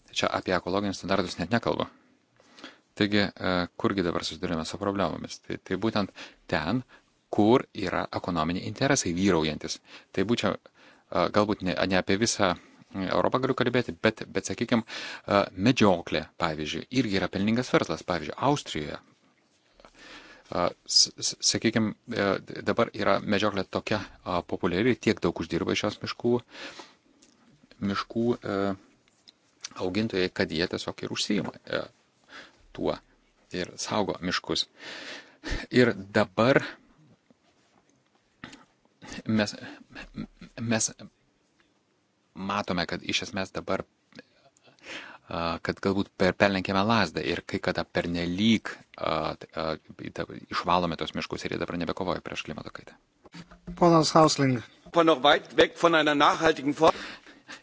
Tai čia apie ekologinius standartus net nekalbu. Taigi, e, kurgi dabar susidurime su problemomis? Tai, tai būtent ten kur yra ekonominiai interesai vyraujantis. Tai būčiau galbūt ne, ne apie visą Europą galiu kalbėti, bet, bet sakykime, medžioklė, pavyzdžiui, irgi yra pelningas verslas, pavyzdžiui, Austrijoje. Sakykime, dabar yra medžioklė tokia populiari, tiek daug uždirba iš jos miškų, miškų e, augintojai, kad jie tiesiog ir užsijima e, tuo ir saugo miškus. Ir dabar Mes, mes matome, kad iš esmės dabar kad galbūt per, perlenkėme lasdą ir kai kada pernelyg išvalome tos miškus ir jie dabar nebekovoja prieš klimato kaitą. Ponas Hausling.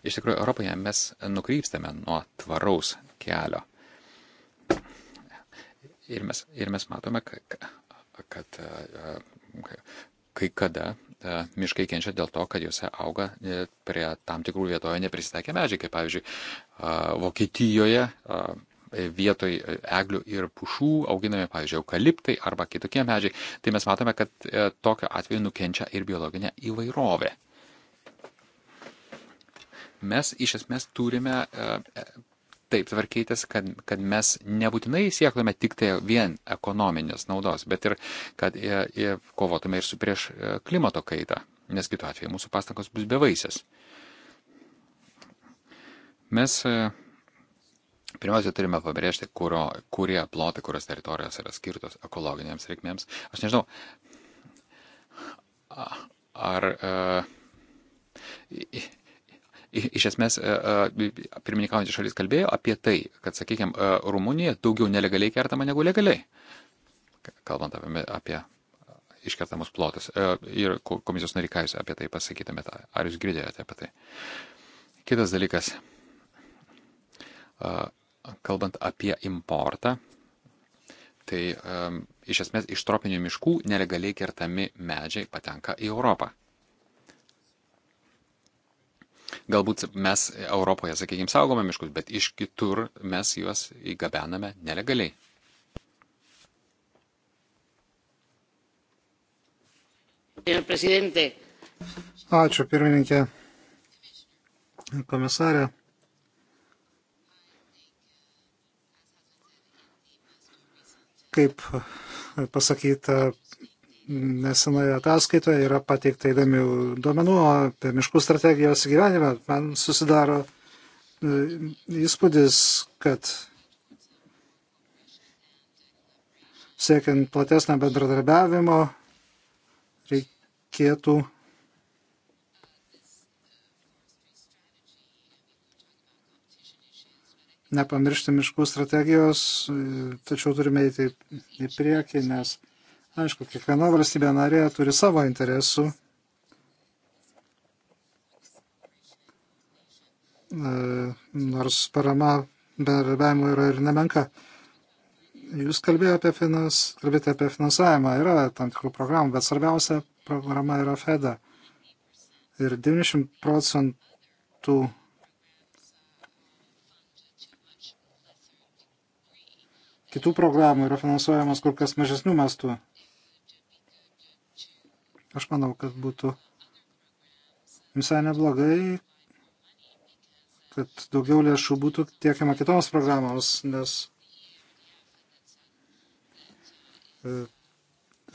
Iš tikrųjų, Europoje mes nukrypstame nuo tvaraus kelio. Ir mes, ir mes matome, kad, kad kai kada e, miškai kenčia dėl to, kad juose auga e, prie tam tikrų vietoje neprisitaikę medžiai, kaip pavyzdžiui Vokietijoje e, vietoj eglių ir pušų auginami, pavyzdžiui, eukaliptai arba kitokie medžiai, tai mes matome, kad tokiu atveju nukenčia ir biologinė įvairovė. Mes iš esmės turime taip tvarkytis, kad, kad mes nebūtinai siektume tik tai vien ekonominės naudos, bet ir kad e, e, kovotume ir su prieš e, klimato kaitą, nes kitu atveju mūsų pastangos bus bevaisės. Mes e, Pirmiausia, turime pabrėžti, kurio, kurie plotai, kurios teritorijos yra skirtos ekologiniams reikmėms. Aš nežinau, ar uh, Iš esmės, e, e, pirmininkaujantis šalis kalbėjo apie tai, kad, sakykime, Rumunija daugiau nelegaliai kertama negu legaliai, kalbant apie, apie iškertamus plotus. E, ir komisijos nariai, ką jūs apie tai pasakytumėte, ar jūs girdėjote apie tai? Kitas dalykas, kalbant apie importą, tai iš esmės iš tropinių miškų nelegaliai kertami medžiai patenka į Europą. Galbūt mes Europoje, sakykime, saugome miškus, bet iš kitur mes juos įgabename nelegaliai. Ačiū, pirmininkė. Komisarė. Kaip pasakyta nesenoje ataskaitoje yra pateikta įdomių duomenų apie miškų strategijos gyvenimą. Man susidaro e, įspūdis, kad siekiant platesnio bendradarbiavimo reikėtų nepamiršti miškų strategijos, e, tačiau turime eiti į priekį, nes Aišku, kiekviena valstybė narė turi savo interesų. E, nors parama bendradarbiavimo yra ir nemenka. Jūs kalbėjote apie, finans, kalbėjote apie finansavimą, yra tam tikrų programų, bet svarbiausia programa yra FEDA. Ir 90 procentų kitų programų yra finansuojamas kur kas mažesnių mastų. Aš manau, kad būtų visai neblogai, kad daugiau lėšų būtų tiekiama kitoms programoms, nes e,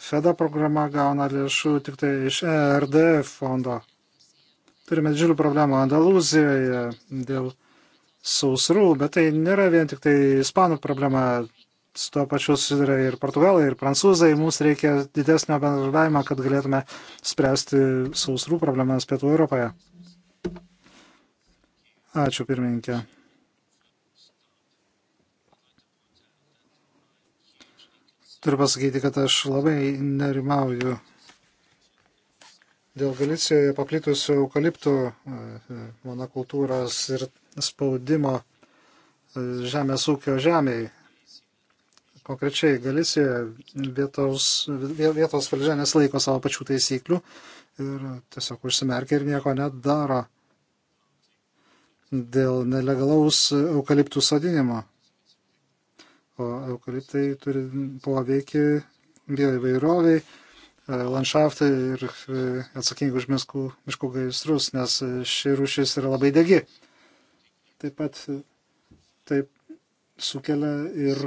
FEDA programa gauna lėšų tik tai iš ERD fondo. Turime didžiulių problemų Andalūzijoje dėl sausrų, bet tai nėra vien tik tai ispanų problema, su to pačiu susiduria ir portugalai, ir prancūzai. Mums reikia didesnio bendradarbiavimo, kad galėtume spręsti sausrų problemas Pietų Europoje. Ačiū pirmininkė. Turiu pasakyti, kad aš labai nerimauju dėl Galicijoje paplitusių eukaliptų e, e, monokultūros ir spaudimo e, žemės ūkio žemėjai. Konkrečiai Galisijoje vietos, vietos valdžia nesilaiko savo pačių taisyklių ir tiesiog užsimerkia ir nieko nedaro dėl nelegalaus eukaliptų sodinimo. O eukaliptai turi poveikį bioįvairoviai, e, landšaftai ir e, atsakingi už miškų, miškų gaisrus, nes ši rūšis yra labai degi. Taip pat e, taip sukelia ir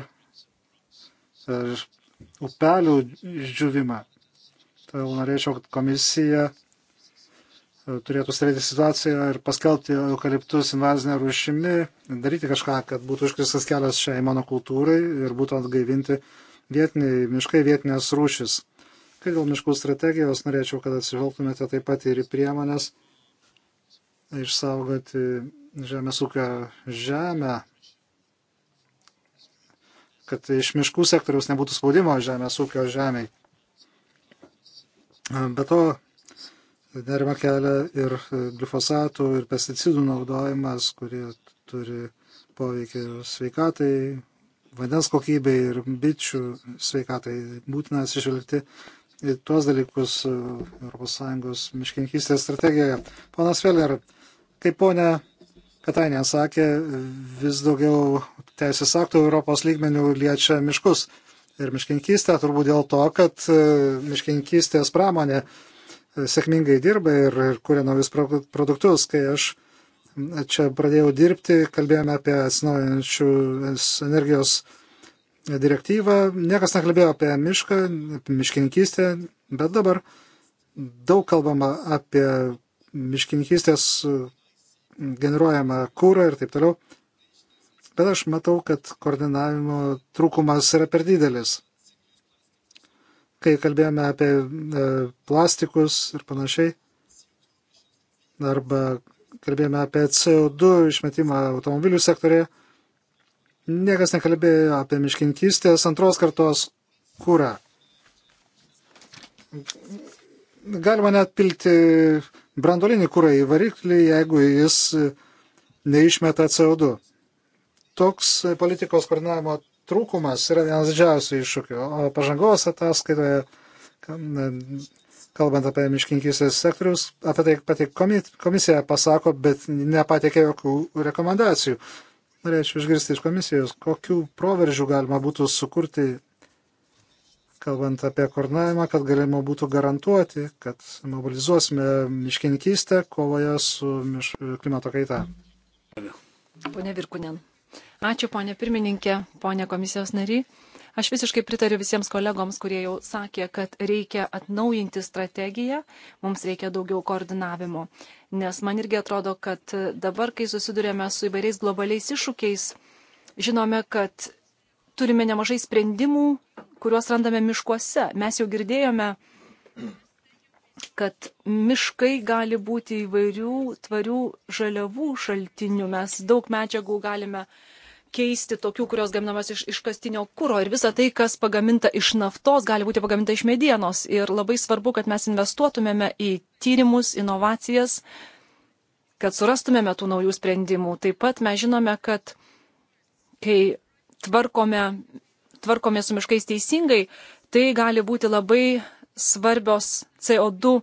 upelių išdžiūvimą. Todėl norėčiau, kad komisija e, turėtų stebėti situaciją ir paskelbti eukaliptus invazinę rūšimi, daryti kažką, kad būtų užkristas kelias šiai monokultūrai ir būtų atgaivinti vietiniai miškai, vietinės rūšis. Kai dėl miškų strategijos norėčiau, kad atsižvelgtumėte taip pat ir į priemonės išsaugoti žemės ūkio žemę, kad iš miškų sektoriaus nebūtų spaudimo žemės ūkio žemiai. Be to, nerima kelia ir glifosatų, ir pesticidų naudojimas, kurie turi poveikį sveikatai, vandens kokybei ir bičių sveikatai. Būtina atsižvelgti į tuos dalykus uh, ES miškininkystės strategijoje. Ponas Veller, kaip ponia Katainė sakė, vis daugiau teisės aktų Europos lygmenių liečia miškus ir miškinkystę, turbūt dėl to, kad e, miškinkystės pramonė e, sėkmingai dirba ir, ir kuria naujus produktus. Kai aš čia pradėjau dirbti, kalbėjome apie atsinaujančių e, energijos direktyvą, niekas nekalbėjo apie mišką, apie miškinkystę, bet dabar daug kalbama apie miškininkystės generuojamą kūrą ir taip toliau. Bet aš matau, kad koordinavimo trūkumas yra per didelis. Kai kalbėjome apie e, plastikus ir panašiai, arba kalbėjome apie CO2 išmetimą automobilių sektorėje, niekas nekalbėjo apie miškinkystės antros kartos kūrą. Galima net pilti brandolinį kūrą į variklį, jeigu jis neišmeta CO2. Toks e, politikos koordinavimo trūkumas yra vienas didžiausių iššūkių. O pažangos ataskaitoje, e, kalbant apie miškinkysės sektorius, apie tai pati komisija pasako, bet nepatikė jokių rekomendacijų. Norėčiau išgirsti iš komisijos, kokių proveržių galima būtų sukurti, kalbant apie koordinavimą, kad galima būtų garantuoti, kad mobilizuosime miškininkystę kovoje su miš... klimato kaita. Pone Virkunen. Ačiū, ponė pirmininkė, ponė komisijos nariai. Aš visiškai pritariu visiems kolegoms, kurie jau sakė, kad reikia atnaujinti strategiją, mums reikia daugiau koordinavimo. Nes man irgi atrodo, kad dabar, kai susidurėme su įvairiais globaliais iššūkiais, žinome, kad turime nemažai sprendimų, kuriuos randame miškuose. Mes jau girdėjome, kad miškai gali būti įvairių tvarių žaliavų šaltinių. Mes daug medžiagų galime uh, keisti tokių, kurios gaminamas iš iškastinio kūro. Ir visa tai, kas pagaminta iš naftos, gali būti pagaminta iš medienos. Ir labai svarbu, kad mes investuotumėme į tyrimus, inovacijas, kad surastumėme tų naujų sprendimų. Taip pat mes žinome, kad kai tvarkome, tvarkome su miškais teisingai, tai gali būti labai svarbios CO2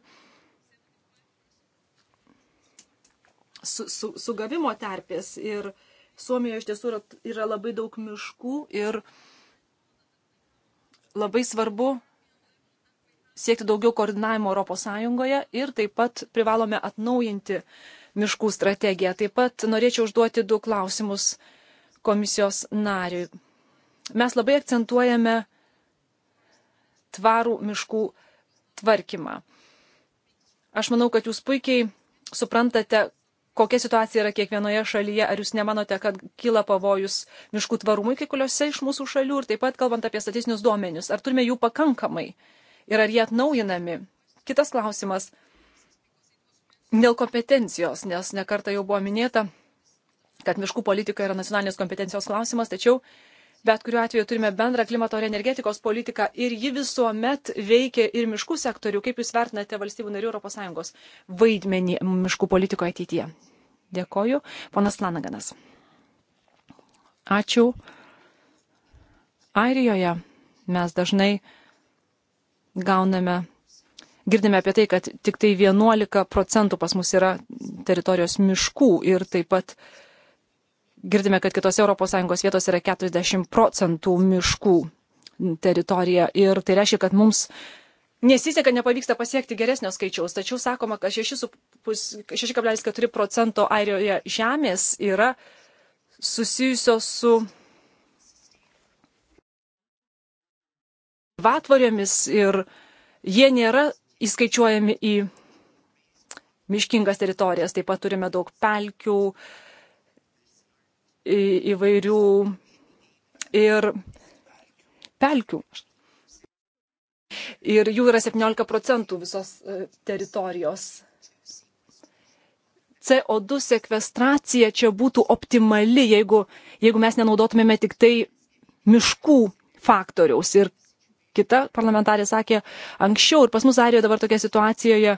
su, su, sugavimo terpės. Ir, uh, Suomijoje iš tiesų yra, yra labai daug miškų ir labai svarbu siekti daugiau koordinavimo ES ir taip pat privalome atnaujinti miškų strategiją. Taip pat norėčiau užduoti du klausimus komisijos nariui. Mes labai akcentuojame tvarų miškų tvarkymą. Aš manau, kad jūs puikiai suprantate, kokia situacija yra kiekvienoje šalyje, ar jūs nemanote, kad kyla pavojus miškų tvarumui kai kuriuose iš mūsų šalių ir taip pat kalbant apie statistinius duomenius, ar turime jų pakankamai ir ar jie atnaujinami. Kitas klausimas dėl kompetencijos, nes nekarta jau buvo minėta, kad miškų politika yra nacionalinės kompetencijos klausimas, tačiau Bet kuriuo atveju turime bendrą klimato ir energetikos politiką ir ji visuomet veikia ir miškų sektorių. Kaip Jūs vertinate valstybių narių ES vaidmenį miškų politikoje ateityje? Dėkoju. Ponas Lanaganas. Ačiū. Airijoje mes dažnai gauname girdime apie tai, kad tik tai 11 procentų pas mus yra teritorijos miškų ir taip pat girdime, kad kitose ES vietose yra 40 procentų miškų teritorija ir tai reiškia, kad mums nesiseka, nepavyksta pasiekti geresnio skaičiaus, tačiau sakoma, kad 6,4 procento Airijoje žemės yra susijusios su vatvorėmis ir jie nėra įskaičiuojami į miškingas teritorijas. Taip pat turime daug pelkių, uh, įvairių ir pelkių. Ir jų yra 17 procentų visos e, teritorijos. CO2 sekvestracija čia būtų optimali, jeigu, jeigu mes nenaudotumėme tik tai miškų faktoriaus. Ir kita parlamentarė sakė anksčiau, ir pas mus Arijoje dabar tokia situacijoje,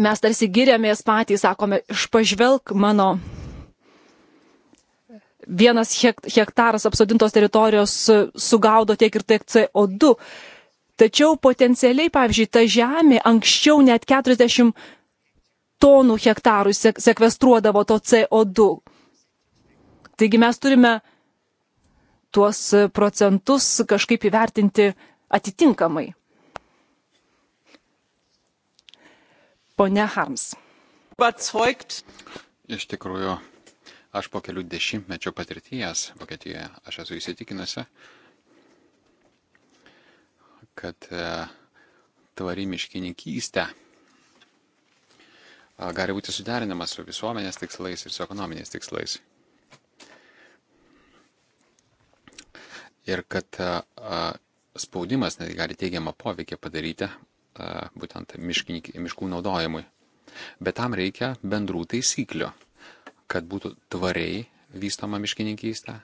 mes tarsi giriamės patys, sakome, išpažvelk mano vienas hektaras apsodintos teritorijos e, sugaudo tiek ir tiek CO2. Tačiau potencialiai, pavyzdžiui, ta žemė anksčiau net 40 tonų hektarų sekvestruodavo to CO2. Taigi mes turime tuos e, procentus kažkaip įvertinti atitinkamai. Pone Harms. Iš tikrųjų, Aš po kelių dešimtmečių patirties Vokietijoje aš esu įsitikinusi, kad e, tvari miškininkystė e, gali būti suderinama su visuomenės tikslais ir su ekonominiais tikslais. Ir kad e, spaudimas netgi gali teigiamą poveikį padaryti būtent miškų naudojimui. Bet tam reikia bendrų taisyklių kad būtų tvariai vystoma miškininkystė.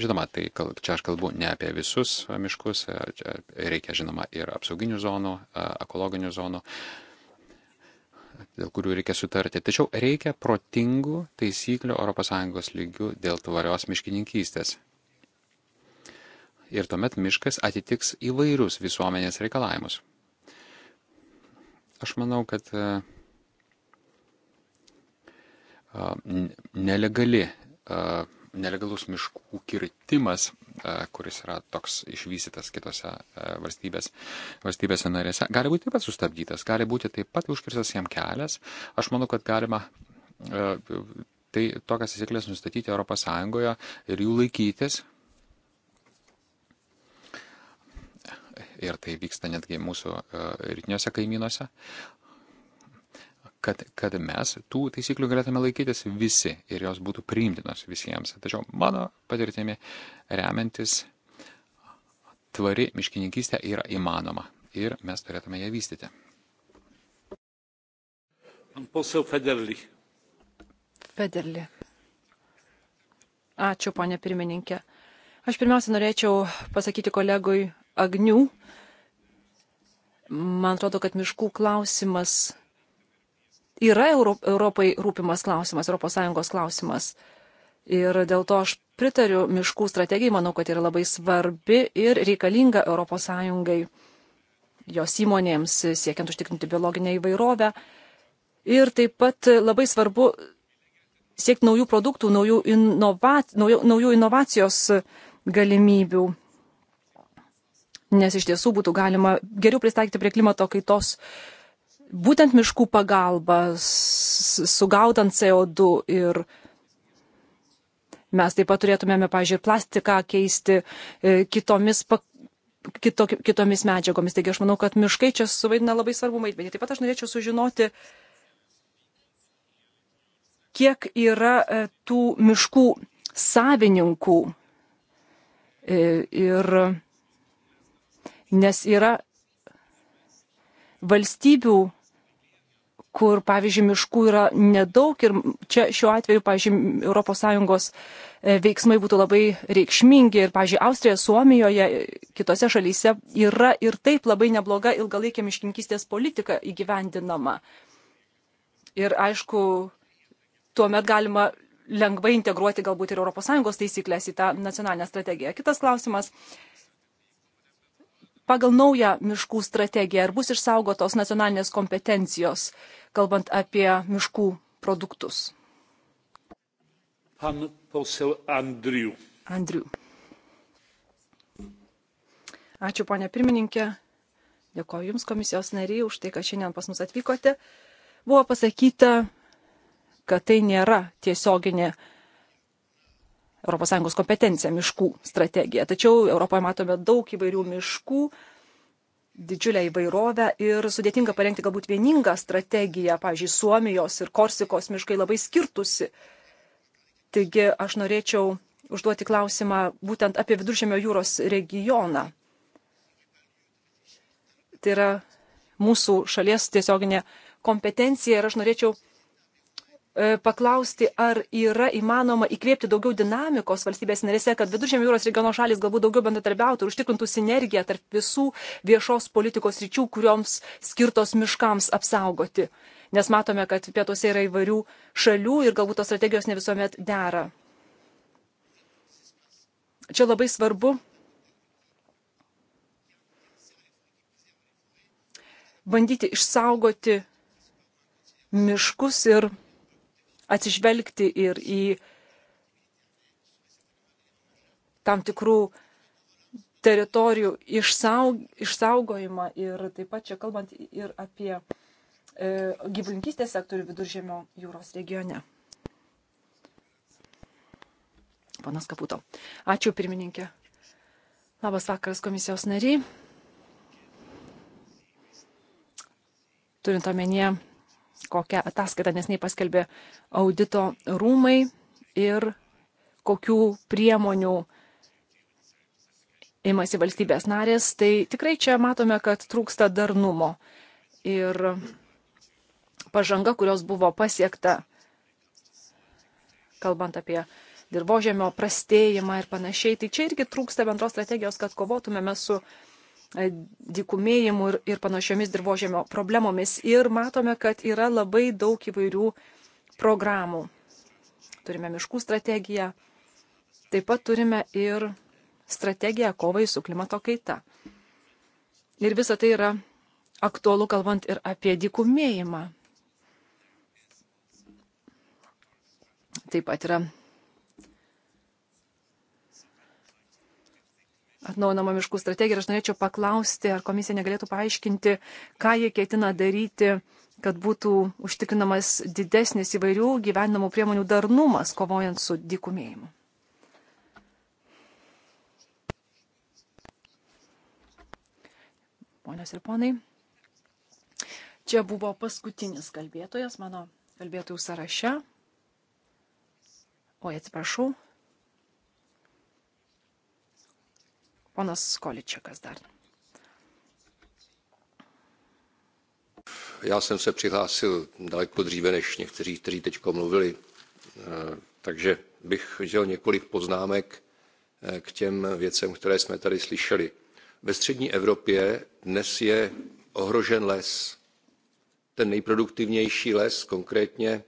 Žinoma, tai čia aš kalbu ne apie visus miškus, čia reikia žinoma ir apsauginių zonų, ekologinių zonų, dėl kurių reikia sutarti. Tačiau reikia protingų taisyklių ES lygių dėl tvarios miškininkystės. Ir tuomet miškas atitiks įvairius visuomenės reikalavimus. Aš manau, kad uh, nelegali, nelegalus miškų kirtimas, kuris yra toks išvystytas kitose valstybės, valstybėse narėse, gali būti taip pat sustabdytas, gali būti taip pat užkirstas jam kelias. Aš manau, kad galima tai tokias įsiklės nustatyti ES ir jų laikytis. Ir tai vyksta netgi mūsų rytiniuose kaimynuose kad, kad mes tų taisyklių galėtume laikytis visi ir jos būtų priimtinos visiems. Tačiau mano patirtimi remiantis tvari miškininkystė yra įmanoma ir mes turėtume ją vystyti. Pusiau Federli. Federli. Ačiū, ponė pirmininkė. Aš pirmiausia norėčiau pasakyti kolegui Agnių. Man atrodo, kad miškų klausimas yra Europai rūpimas klausimas, ES klausimas. Ir dėl to aš pritariu miškų strategijai, manau, kad yra labai svarbi ir reikalinga ES, jos įmonėms siekiant užtikrinti biologinę įvairovę. Ir taip pat labai svarbu siekti naujų produktų, naujų, inovac, naujų, naujų inovacijos galimybių. Nes iš tiesų būtų galima geriau pristaikyti prie klimato kaitos būtent miškų pagalba, sugaudant CO2 ir mes taip pat turėtumėme, pažiūrėjau, plastiką keisti e, kitomis, kito, kitomis medžiagomis. Taigi aš manau, kad miškai čia suvaidina labai svarbu vaidmenį. Taip pat aš norėčiau sužinoti, kiek yra e, tų miškų savininkų. E, ir nes yra valstybių kur, pavyzdžiui, miškų yra nedaug ir čia šiuo atveju, pavyzdžiui, ES e, veiksmai būtų labai reikšmingi ir, pavyzdžiui, Austrija, Suomijoje, kitose šalyse yra ir taip labai nebloga ilgalaikė miškinkystės politika įgyvendinama. Ir aišku, tuomet galima lengvai integruoti galbūt ir ES taisyklės į tą nacionalinę strategiją. Kitas klausimas pagal naują miškų strategiją, ar bus išsaugotos nacionalinės kompetencijos, kalbant apie miškų produktus. Pan posel Andriu. Andriu. Ačiū, ponė pirmininkė. Dėkoju Jums, komisijos nariai, už tai, kad šiandien pas mus atvykote. Buvo pasakyta, kad tai nėra tiesioginė ES kompetencija miškų strategija. Tačiau Europoje matome daug įvairių miškų, didžiulę įvairovę ir sudėtinga parengti galbūt vieningą strategiją. Pavyzdžiui, Suomijos ir Korsikos miškai labai skirtusi. Taigi aš norėčiau užduoti klausimą būtent apie Viduržėmio jūros regioną. Tai yra mūsų šalies tiesioginė kompetencija ir aš norėčiau E, paklausti, ar yra įmanoma įkvėpti daugiau dinamikos valstybės narėse, kad viduržėmio jūros regiono šalis galbūt daugiau bendradarbiautų ir užtikrintų sinergiją tarp visų viešos politikos ryčių, kurioms skirtos miškams apsaugoti. Nes matome, kad pietuose yra įvairių šalių ir galbūt tos strategijos ne visuomet dera. Čia labai svarbu bandyti išsaugoti miškus ir atsižvelgti ir į tam tikrų teritorijų išsaug, išsaugojimą ir taip pat čia kalbant ir apie e, gyvulinkystės sektorių viduržėmio jūros regione. Panas Kaputo. Ačiū pirmininkė. Labas vakaras komisijos nariai. Turint omenyje kokią ataskaitą nesnei paskelbė audito rūmai ir kokių priemonių imasi valstybės narės, tai tikrai čia matome, kad trūksta darnumo. Ir pažanga, kurios buvo pasiekta, kalbant apie dirbožėmio prastėjimą ir panašiai, tai čia irgi trūksta bendros strategijos, kad kovotumėme su E, dikumėjimu ir, ir panašiomis dirbožėmio problemomis. Ir matome, kad yra labai daug įvairių programų. Turime miškų strategiją, taip pat turime ir strategiją kovai su klimato kaita. Ir visa tai yra aktualu kalbant ir apie dikumėjimą. Taip pat yra atnaujinama miškų strategija ir aš norėčiau paklausti, ar komisija negalėtų paaiškinti, ką jie ketina daryti, kad būtų užtikrinamas didesnis įvairių gyvenamų priemonių darnumas, kovojant su dikumėjimu. Ponios ir ponai, čia buvo paskutinis kalbėtojas mano kalbėtojų sąraše. Oi, atsiprašau, Ponas Skoličiakas dar. Já jsem se přihlásil daleko dříve než někteří, kteří teď mluvili, eh, takže bych chtěl několik poznámek eh, k těm věcem, které jsme tady slyšeli. Ve střední Evropě dnes je ohrožen les. Ten nejproduktivnější les konkrétně eh,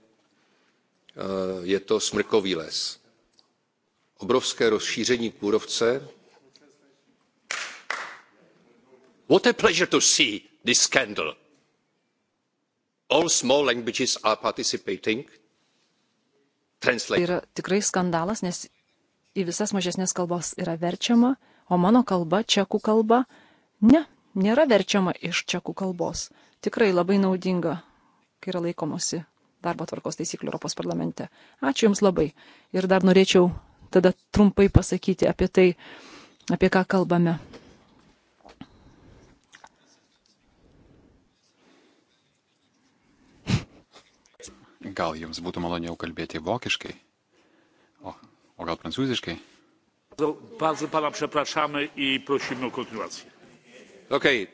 je to smrkový les. Obrovské rozšíření kůrovce What a pleasure to see this scandal. All small languages are participating. Translate. Tai yra tikrai skandalas, nes į visas mažesnės kalbas yra verčiama, o mano kalba, čekų kalba, ne, nėra verčiama iš čekų kalbos. Tikrai labai naudinga, kai yra laikomosi darbo tvarkos taisyklių Europos parlamente. Ačiū Jums labai. Ir dar norėčiau tada trumpai pasakyti apie tai, apie ką kalbame. Gal jums būtų maloniau kalbėti vokiškai? O, o gal prancūziškai? Bardzo pana przepraszamy i prosimy o kontynuację. Okay,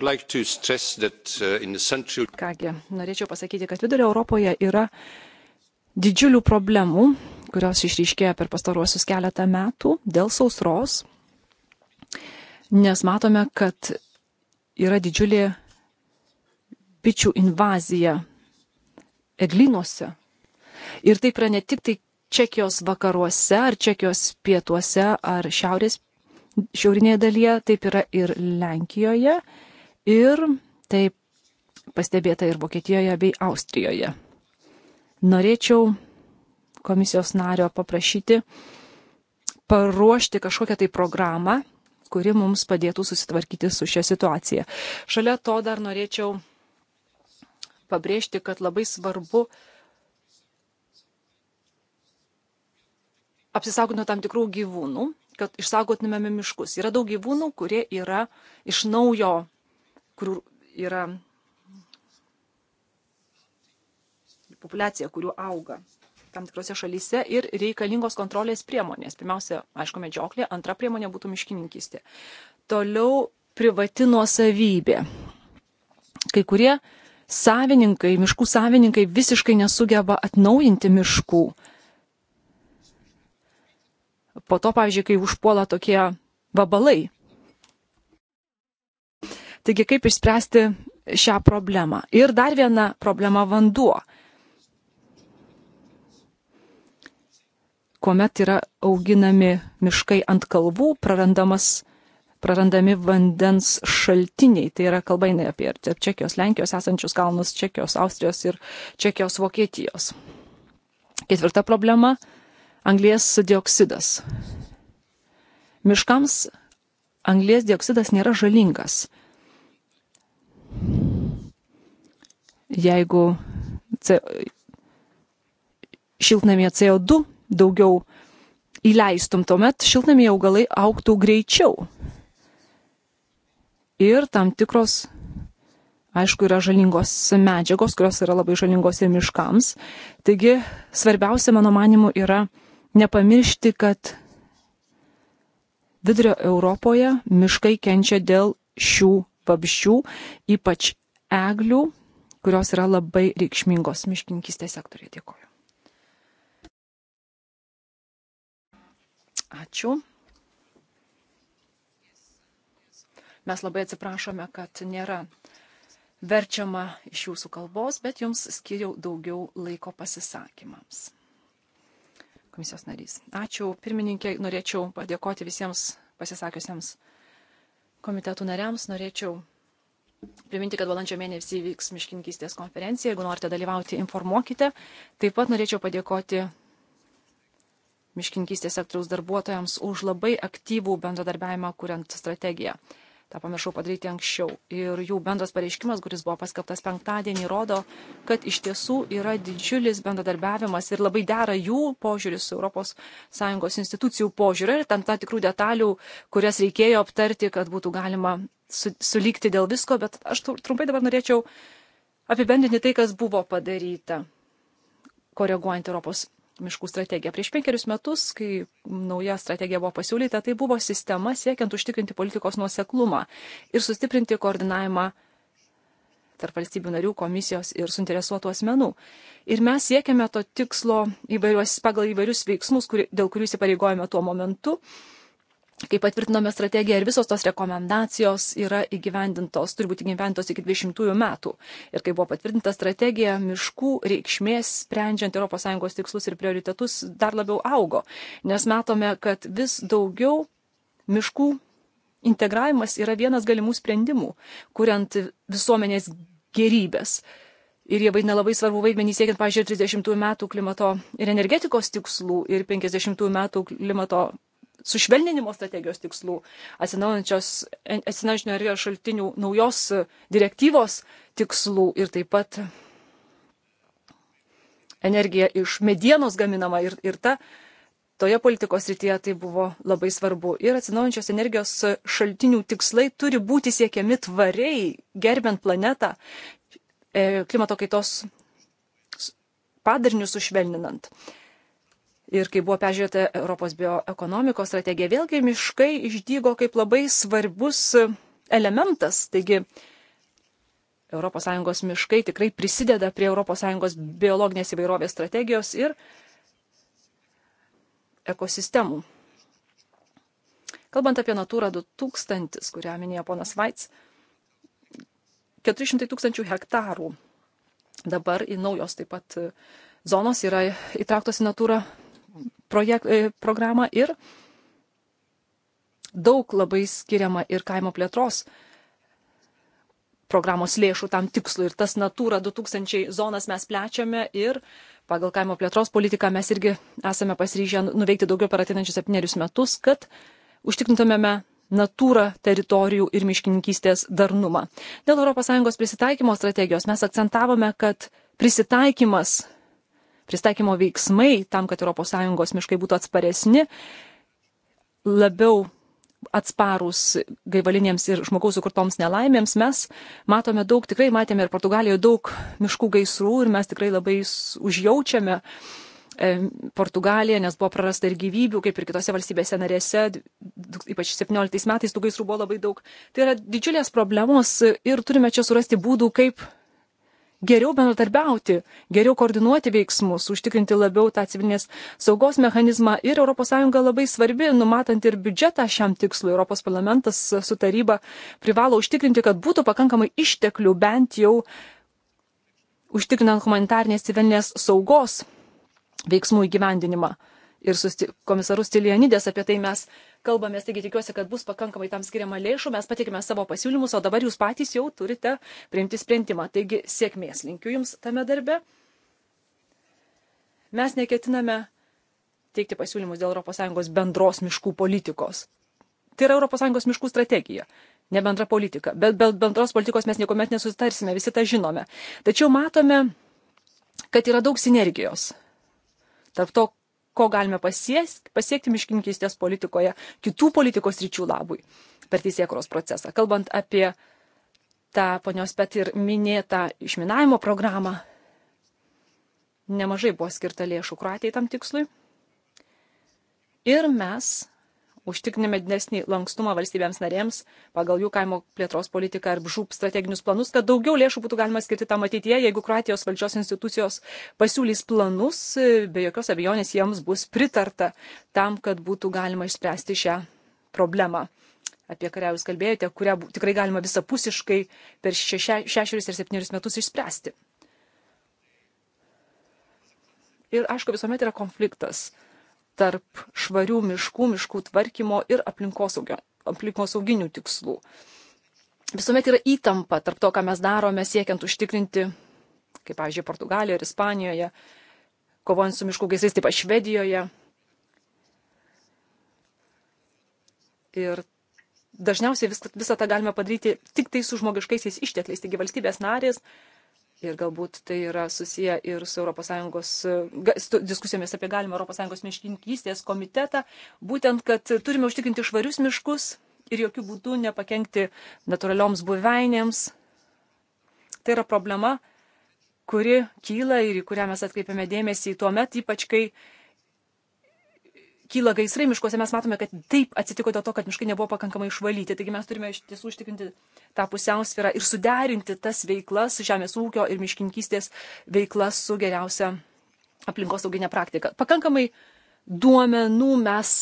like uh, central... Kągi, norėčiau pasakyti, kad vidurio Europoje yra didžiulių problemų, kurios išryškėjo per pastaruosius keletą metų dėl sausros, nes matome, kad yra didžiulė bičių invazija eglynuose. Ir taip yra ne tik tai Čekijos vakaruose ar Čekijos pietuose ar šiaurės, šiaurinėje dalyje, taip yra ir Lenkijoje ir taip pastebėta ir Vokietijoje bei Austrijoje. Norėčiau komisijos nario paprašyti paruošti kažkokią tai programą, kuri mums padėtų susitvarkyti su šia situacija. Šalia to dar norėčiau pabrėžti, kad labai svarbu apsisaugoti nuo tam tikrų gyvūnų, kad išsaugotumėme miškus. Yra daug gyvūnų, kurie yra iš naujo, kur yra populiacija, kurių auga tam tikrose šalyse ir reikalingos kontrolės priemonės. Pirmiausia, aišku, medžioklė, antra priemonė būtų miškininkistė. Toliau privati nuosavybė. Kai kurie savininkai, miškų savininkai visiškai nesugeba atnaujinti miškų. Po to, pavyzdžiui, kai užpuola tokie vabalai. Taigi, kaip išspręsti šią problemą? Ir dar viena problema - vanduo. Kuomet yra auginami miškai ant kalvų, prarandamas prarandami vandens šaltiniai. Tai yra kalba eina apie Čekijos, Lenkijos esančius kalnus, Čekijos, Austrijos ir Čekijos, Vokietijos. Ketvirta problema - anglės dioksidas. Miškams anglės dioksidas nėra žalingas. Jeigu šiltnamie CO2 daugiau įleistum, tuomet šiltnamie augalai auktų greičiau ir tam tikros, aišku, yra žalingos medžiagos, kurios yra labai žalingos ir miškams. Taigi, svarbiausia, mano manimu, yra nepamiršti, kad vidurio Europoje miškai kenčia dėl šių vabščių, ypač eglių, kurios yra labai reikšmingos miškininkystės sektoriai. Dėkuoju. Ačiū. Mes labai atsiprašome, kad nėra verčiama iš jūsų kalbos, bet jums skiriau daugiau laiko pasisakymams. Komisijos narys. Ačiū pirmininkė, norėčiau padėkoti visiems pasisakiusiems komitetų nariams. Norėčiau priminti, kad valandžio mėnesį vyks miškininkystės konferencija. Jeigu norite dalyvauti, informuokite. Taip pat norėčiau padėkoti miškininkystės sektoriaus darbuotojams už labai aktyvų bendradarbiavimą, kuriant strategiją tą pamiršau padaryti anksčiau. Ir jų bendras pareiškimas, kuris buvo paskelbtas penktadienį, rodo, kad iš tiesų yra didžiulis bendradarbiavimas ir labai dera jų požiūris su ES institucijų požiūriu ir tam tam tikrų detalių, kurias reikėjo aptarti, kad būtų galima su, sulygti dėl visko, bet aš trumpai dabar norėčiau apibendrinti tai, kas buvo padaryta koreguojant Europos miškų strategiją. Prieš penkerius metus, kai nauja strategija buvo pasiūlyta, tai buvo sistema siekiant užtikrinti politikos nuoseklumą ir sustiprinti koordinavimą tarp valstybių narių, komisijos ir suinteresuotų asmenų. Ir mes siekiame to tikslo įvairios, pagal įvairius veiksmus, kur, dėl kurių įsipareigojame tuo momentu kai patvirtinome strategiją ir visos tos rekomendacijos yra įgyvendintos, turi būti įgyvendintos iki 20 metų. Ir kai buvo patvirtinta strategija, miškų reikšmės sprendžiant ES tikslus ir prioritetus dar labiau augo, nes matome, kad vis daugiau miškų integravimas yra vienas galimų sprendimų, kuriant visuomenės gerybės. Ir jie vaidina labai svarbu vaidmenį siekiant, pažiūrėjau, 30 metų klimato ir energetikos tikslų ir 50 metų klimato sušvelninimo strategijos tikslų, atsinaujančio energijos šaltinių naujos direktyvos tikslų ir taip pat energija iš medienos gaminama ir, ir ta toje politikos rytyje tai buvo labai svarbu. Ir atsinaujančios energijos šaltinių tikslai turi būti siekiami tvariai, gerbent planetą, e, klimato kaitos padarinius sušvelninant. Ir kai buvo peržiūrėta Europos bioekonomikos strategija, vėlgi miškai išdygo kaip labai svarbus elementas. Taigi ES miškai tikrai prisideda prie ES biologinės įvairovės strategijos ir ekosistemų. Kalbant apie Natūrą 2000, kurią minėjo ponas Vaits, 400 tūkstančių hektarų dabar į naujos taip pat zonos yra įtrauktos į Natūrą projekt, e, programą ir daug labai skiriama ir kaimo plėtros programos lėšų tam tikslui. Ir tas Natūra 2000 zonas mes plečiame ir pagal kaimo plėtros politiką mes irgi esame pasiryžę nuveikti daugiau per ateinančius septynerius metus, kad užtikrintumėme natūrą teritorijų ir miškininkystės darnumą. Dėl ES prisitaikymo strategijos mes akcentavome, kad prisitaikymas pristaikymo veiksmai tam, kad ES miškai būtų atsparesni, labiau atsparūs gaivalinėms ir žmogaus sukurtoms nelaimėms. Mes matome daug, tikrai matėme ir Portugalijoje daug miškų gaisrų ir mes tikrai labai užjaučiame e, Portugaliją, nes buvo prarasta ir gyvybių, kaip ir kitose valstybėse narėse, ypač 17 metais tų gaisrų buvo labai daug. Tai yra didžiulės problemos ir turime čia surasti būdų, kaip geriau bendradarbiauti, geriau koordinuoti veiksmus, užtikrinti labiau tą civilinės saugos mechanizmą ir ES labai svarbi, numatant ir biudžetą šiam tikslui. Europos parlamentas su taryba privalo užtikrinti, kad būtų pakankamai išteklių bent jau užtikrinant humanitarnės civilinės saugos veiksmų įgyvendinimą ir su komisaru Stilianidės apie tai mes kalbamės, taigi tikiuosi, kad bus pakankamai tam skiriama lėšų, mes patikime savo pasiūlymus, o dabar jūs patys jau turite priimti sprendimą. Taigi sėkmės linkiu jums tame darbe. Mes neketiname teikti pasiūlymus dėl ES bendros miškų politikos. Tai yra ES miškų strategija ne bendra politika. Bet be bendros politikos mes niekuomet nesusitarsime, visi tą žinome. Tačiau matome, kad yra daug sinergijos tarp to, ko galime pasiekti, pasiekti miškininkystės politikoje kitų politikos ryčių labui per teisėkros procesą. Kalbant apie tą ponios Pet ir minėtą išminavimo programą, nemažai buvo skirta lėšų Kroatijai tam tikslui. Ir mes užtikrinime didesnį lankstumą valstybėms narėms pagal jų kaimo plėtros politiką ir žūp strateginius planus, kad daugiau lėšų būtų galima skirti tam ateityje, jeigu Kroatijos valdžios institucijos pasiūlys planus, be jokios abejonės jiems bus pritarta tam, kad būtų galima išspręsti šią problemą apie kurią jūs kalbėjote, kurią tikrai galima visapusiškai per šešia, šešerius ir septynerius metus išspręsti. Ir aišku, visuomet yra konfliktas tarp švarių miškų, miškų tvarkymo ir aplinkosauginių aplinkos tikslų. Visuomet yra įtampa tarp to, ką mes darome, siekiant užtikrinti, kaip, pavyzdžiui, Portugalijoje ir Ispanijoje, kovojant su miškų gaisais, taip pat Švedijoje. Ir dažniausiai viską, visą tą galime padaryti tik tai su žmogiškaisiais ištekliais. Taigi valstybės narės Ir galbūt tai yra susiję ir su ES, diskusijomis apie galimą ES miškininkystės komitetą, būtent, kad turime užtikrinti švarius miškus ir jokių būdų nepakengti natūralioms buveinėms. Tai yra problema, kuri kyla ir į kurią mes atkreipiame dėmesį tuo met, ypač kai kyla gaisrai miškuose, mes matome, kad taip atsitiko dėl to, kad miškai nebuvo pakankamai išvalyti. Taigi mes turime iš tiesų užtikrinti tą pusiausvyrą ir suderinti tas veiklas, žemės ūkio ir miškinkystės veiklas su geriausia aplinkosauginė praktika. Pakankamai duomenų mes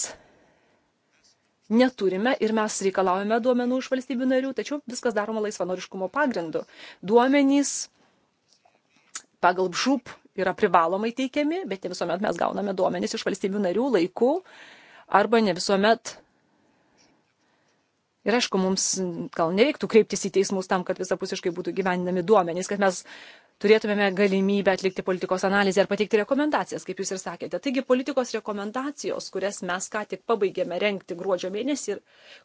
neturime ir mes reikalaujame duomenų iš valstybių narių, tačiau viskas daroma laisvanoriškumo pagrindu. Duomenys pagal žūp yra privalomai teikiami, bet ne visuomet mes gauname duomenis iš valstybių narių laikų arba ne visuomet Ir aišku, mums gal nereiktų kreiptis į teismus tam, kad visapusiškai būtų gyveninami duomenys, kad mes turėtumėme galimybę atlikti politikos analizę ir pateikti rekomendacijas, kaip jūs ir sakėte. Taigi politikos rekomendacijos, kurias mes ką tik pabaigėme renkti gruodžio mėnesį ir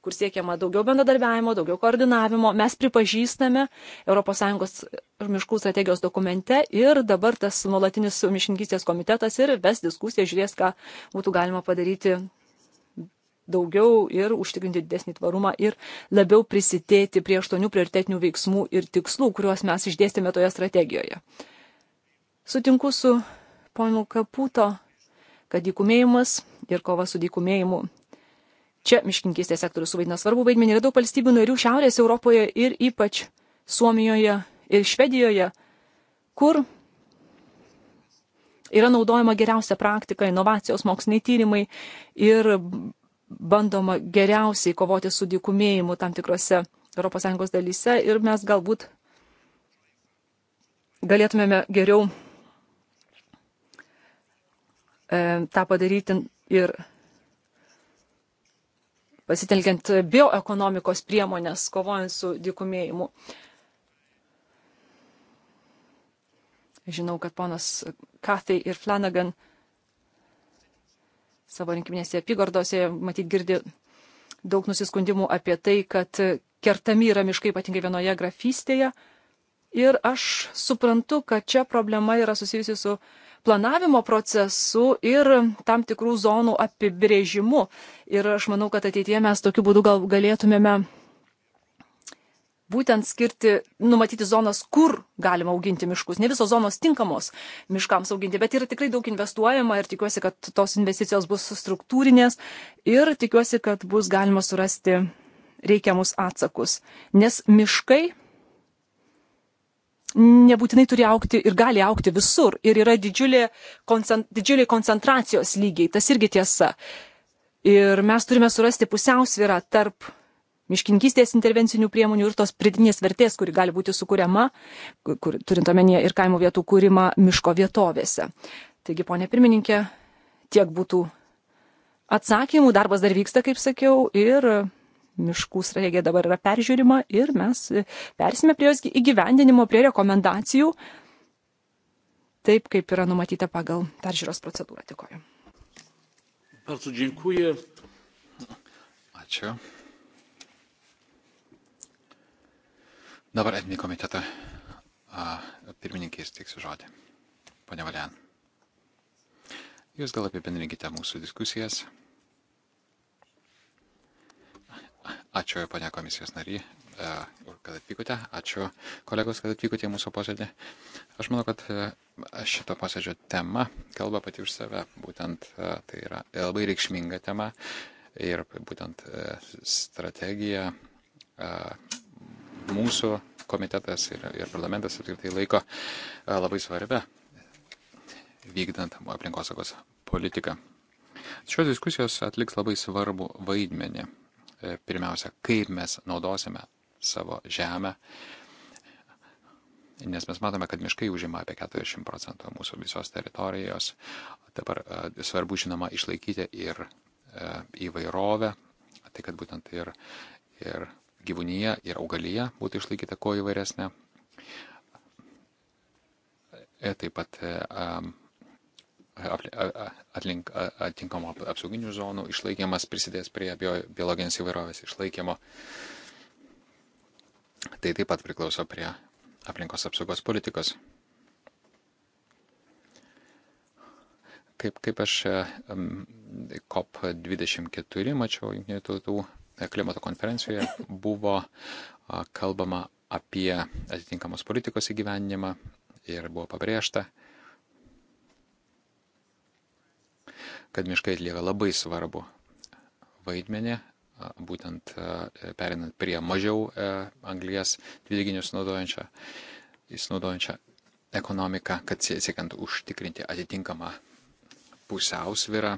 kur siekiama daugiau bendradarbiavimo, daugiau koordinavimo, mes pripažįstame ES miškų strategijos dokumente ir dabar tas nuolatinis miškininkystės komitetas ir ves diskusiją žiūrės, ką būtų galima padaryti daugiau ir užtikrinti didesnį tvarumą ir labiau prisidėti prie aštuonių prioritetinių veiksmų ir tikslų, kuriuos mes išdėstėme toje strategijoje. Sutinku su ponu Kaputo, kad dykumėjimas ir kova su dykumėjimu. Čia miškinkystės sektorius suvaidina svarbu vaidmenį ir daug valstybių narių Šiaurės Europoje ir ypač Suomijoje ir Švedijoje, kur yra naudojama geriausia praktika, inovacijos, moksliniai tyrimai ir bandoma geriausiai kovoti su dykumėjimu tam tikrose ES dalyse ir mes galbūt galėtumėme geriau e, tą padaryti ir pasitelkiant bioekonomikos priemonės, kovojant su dykumėjimu. Žinau, kad ponas Kathy ir Flanagan savo rinkiminėse apygardose, matyt, girdi daug nusiskundimų apie tai, kad kertami yra miškai ypatingai vienoje grafystėje. Ir aš suprantu, kad čia problema yra susijusi su planavimo procesu ir tam tikrų zonų apibrėžimu. Ir aš manau, kad ateitie mes tokiu būdu gal galėtumėme būtent skirti, numatyti zonas, kur galima auginti miškus. Ne visos zonos tinkamos miškams auginti, bet yra tikrai daug investuojama ir tikiuosi, kad tos investicijos bus struktūrinės ir tikiuosi, kad bus galima surasti reikiamus atsakus. Nes miškai nebūtinai turi aukti ir gali aukti visur. Ir yra didžiulė, koncent, didžiulė koncentracijos lygiai, tas irgi tiesa. Ir mes turime surasti pusiausvyrą tarp miškininkystės intervencinių priemonių ir tos pridinės vertės, kuri gali būti sukūriama, kur, turint omenyje ir kaimo vietų kūrimą miško vietovėse. Taigi, ponė pirmininkė, tiek būtų atsakymų, darbas dar vyksta, kaip sakiau, ir miškų strategija dabar yra peržiūrima ir mes persime prie jos įgyvendinimo, prie rekomendacijų, taip kaip yra numatyta pagal peržiūros procedūrą. Dėkoju. Ačiū. Dabar etninį komitetą pirmininkai įsteiksiu žodį. Pane Valian. Jūs gal apibendrinkite mūsų diskusijas. Ačiū, ponia komisijos nary, e, kad atvykote. Ačiū, kolegos, kad atvykote į mūsų posėdį. Aš manau, kad e, šito posėdžio tema kalba pati už save. Būtent e, tai yra labai reikšminga tema ir būtent strategija mūsų komitetas ir, ir parlamentas apskritai laiko e, labai svarbia vykdant aplinkosaugos politiką. Šios diskusijos atliks labai svarbu vaidmenį. E, pirmiausia, kaip mes naudosime savo žemę, nes mes matome, kad miškai užima apie 40 procentų mūsų visos teritorijos. Dabar e, svarbu, žinoma, išlaikyti ir įvairovę, tai kad būtent ir, ir gyvūnyje ir augalyje būtų išlaikyta kuo įvairesnė. E, taip pat e, atitinkamų apsauginių zonų išlaikymas prisidės prie biologinės įvairovės išlaikymo. Tai taip pat priklauso prie aplinkos apsaugos politikos. Kaip, kaip aš COP24 mačiau jungtinių tautų klimato konferencijoje buvo kalbama apie atitinkamos politikos įgyvendinimą ir buvo pabrėžta, kad miškai atlieka labai svarbu vaidmenį, būtent perinant prie mažiau e, anglijas dvideginius naudojančią, naudojančią ekonomiką, kad siekiant užtikrinti atitinkamą pusiausvyrą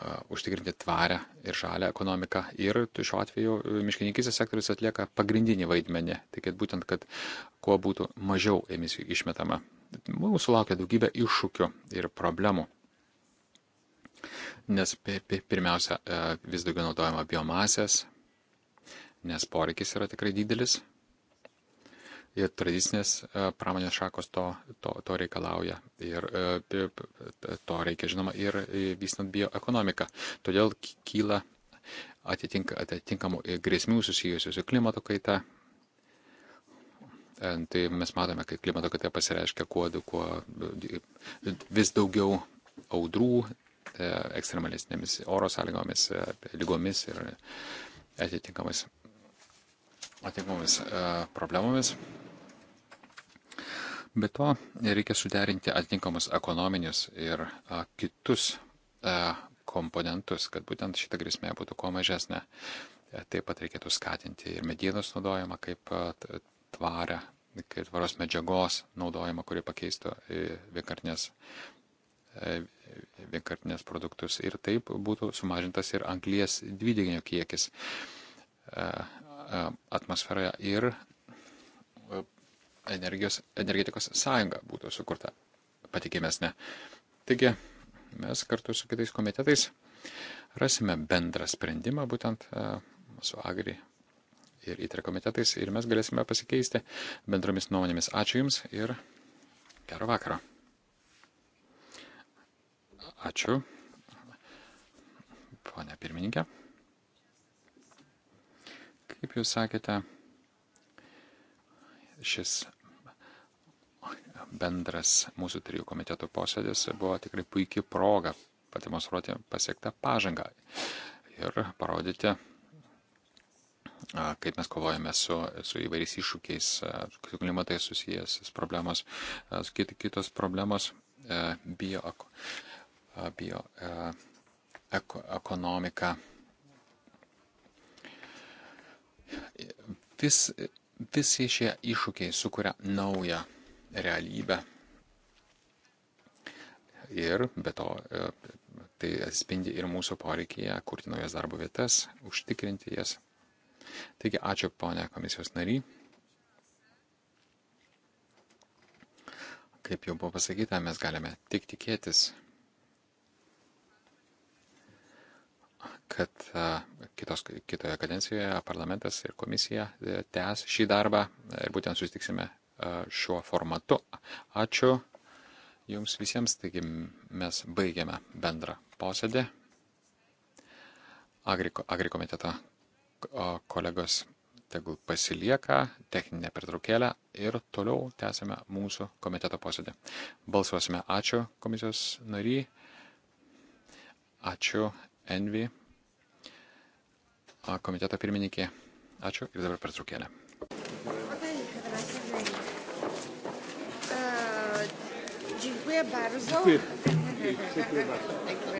Uh, užtikrinti tvarią ir žalią ekonomiką. Ir šiuo atveju uh, miškininkysės sektorius atlieka pagrindinį vaidmenį, tai kad būtent, kad kuo būtų mažiau emisijų išmetama. Mūsų laukia daugybė iššūkių ir problemų. Nes pirmiausia, uh, vis daugiau naudojama biomasės, nes poreikis yra tikrai didelis ir tradicinės e, pramonės šakos to, to, to reikalauja. Ir e, to reikia, žinoma, ir e, vystant bioekonomiką. Todėl kyla atitink, atitinkamų grėsmių susijusių su klimato kaita. Tai mes matome, kad klimato kaita pasireiškia kuo, kuo vis daugiau audrų, ekstremalesnėmis oro sąlygomis, lygomis ir atitinkamais atitinkamomis e, problemomis. Be to, reikia suderinti atitinkamus ekonominius ir a, e, kitus a, e, komponentus, kad būtent šita grėsmė būtų kuo mažesnė. Taip pat reikėtų skatinti ir medienos naudojimą kaip tvarę, kaip tvaros medžiagos naudojimą, kuri pakeistų vienkartinės vienkartinės produktus ir taip būtų sumažintas ir anglies dvideginio kiekis. E, atmosferoje ir e, energijos, energetikos sąjunga būtų sukurta patikimesnė. Taigi mes kartu su kitais komitetais rasime bendrą sprendimą būtent e, su Agri ir įtre komitetais ir mes galėsime pasikeisti bendromis nuomonėmis. Ačiū Jums ir gero vakaro. Ačiū, ponia pirmininkė. Kaip jūs sakėte, šis bendras mūsų trijų komitetų posėdis buvo tikrai puikia proga pademonstruoti pasiektą pažangą ir parodyti, kaip mes kovojame su, su įvairiais iššūkiais, su klimatai susijęs problemos, kit, kitos problemos, e, bio, bio e, ekonomika. Vis, visi šie iššūkiai sukuria naują realybę. Ir be to e, tai atspindi ir mūsų poreikėje kurti naujas darbo vietas, užtikrinti jas. Taigi ačiū ponia komisijos nary. Kaip jau buvo pasakyta, mes galime tik tikėtis kad kitos, kitoje kadencijoje parlamentas ir komisija e, tęs šį darbą ir būtent susitiksime šiuo formatu. Ačiū Jums visiems, taigi mes baigiame bendrą posėdį. Agriko, agrikomiteto kolegos tegul pasilieka techninę pertraukėlę ir toliau tęsime mūsų komiteto posėdį. Balsuosime ačiū komisijos nary, ačiū Envi komiteto pirmininkė. Ačiū ir dabar pertraukėlė. Dziękuję bardzo. Dziękuję. Dziękuję bardzo.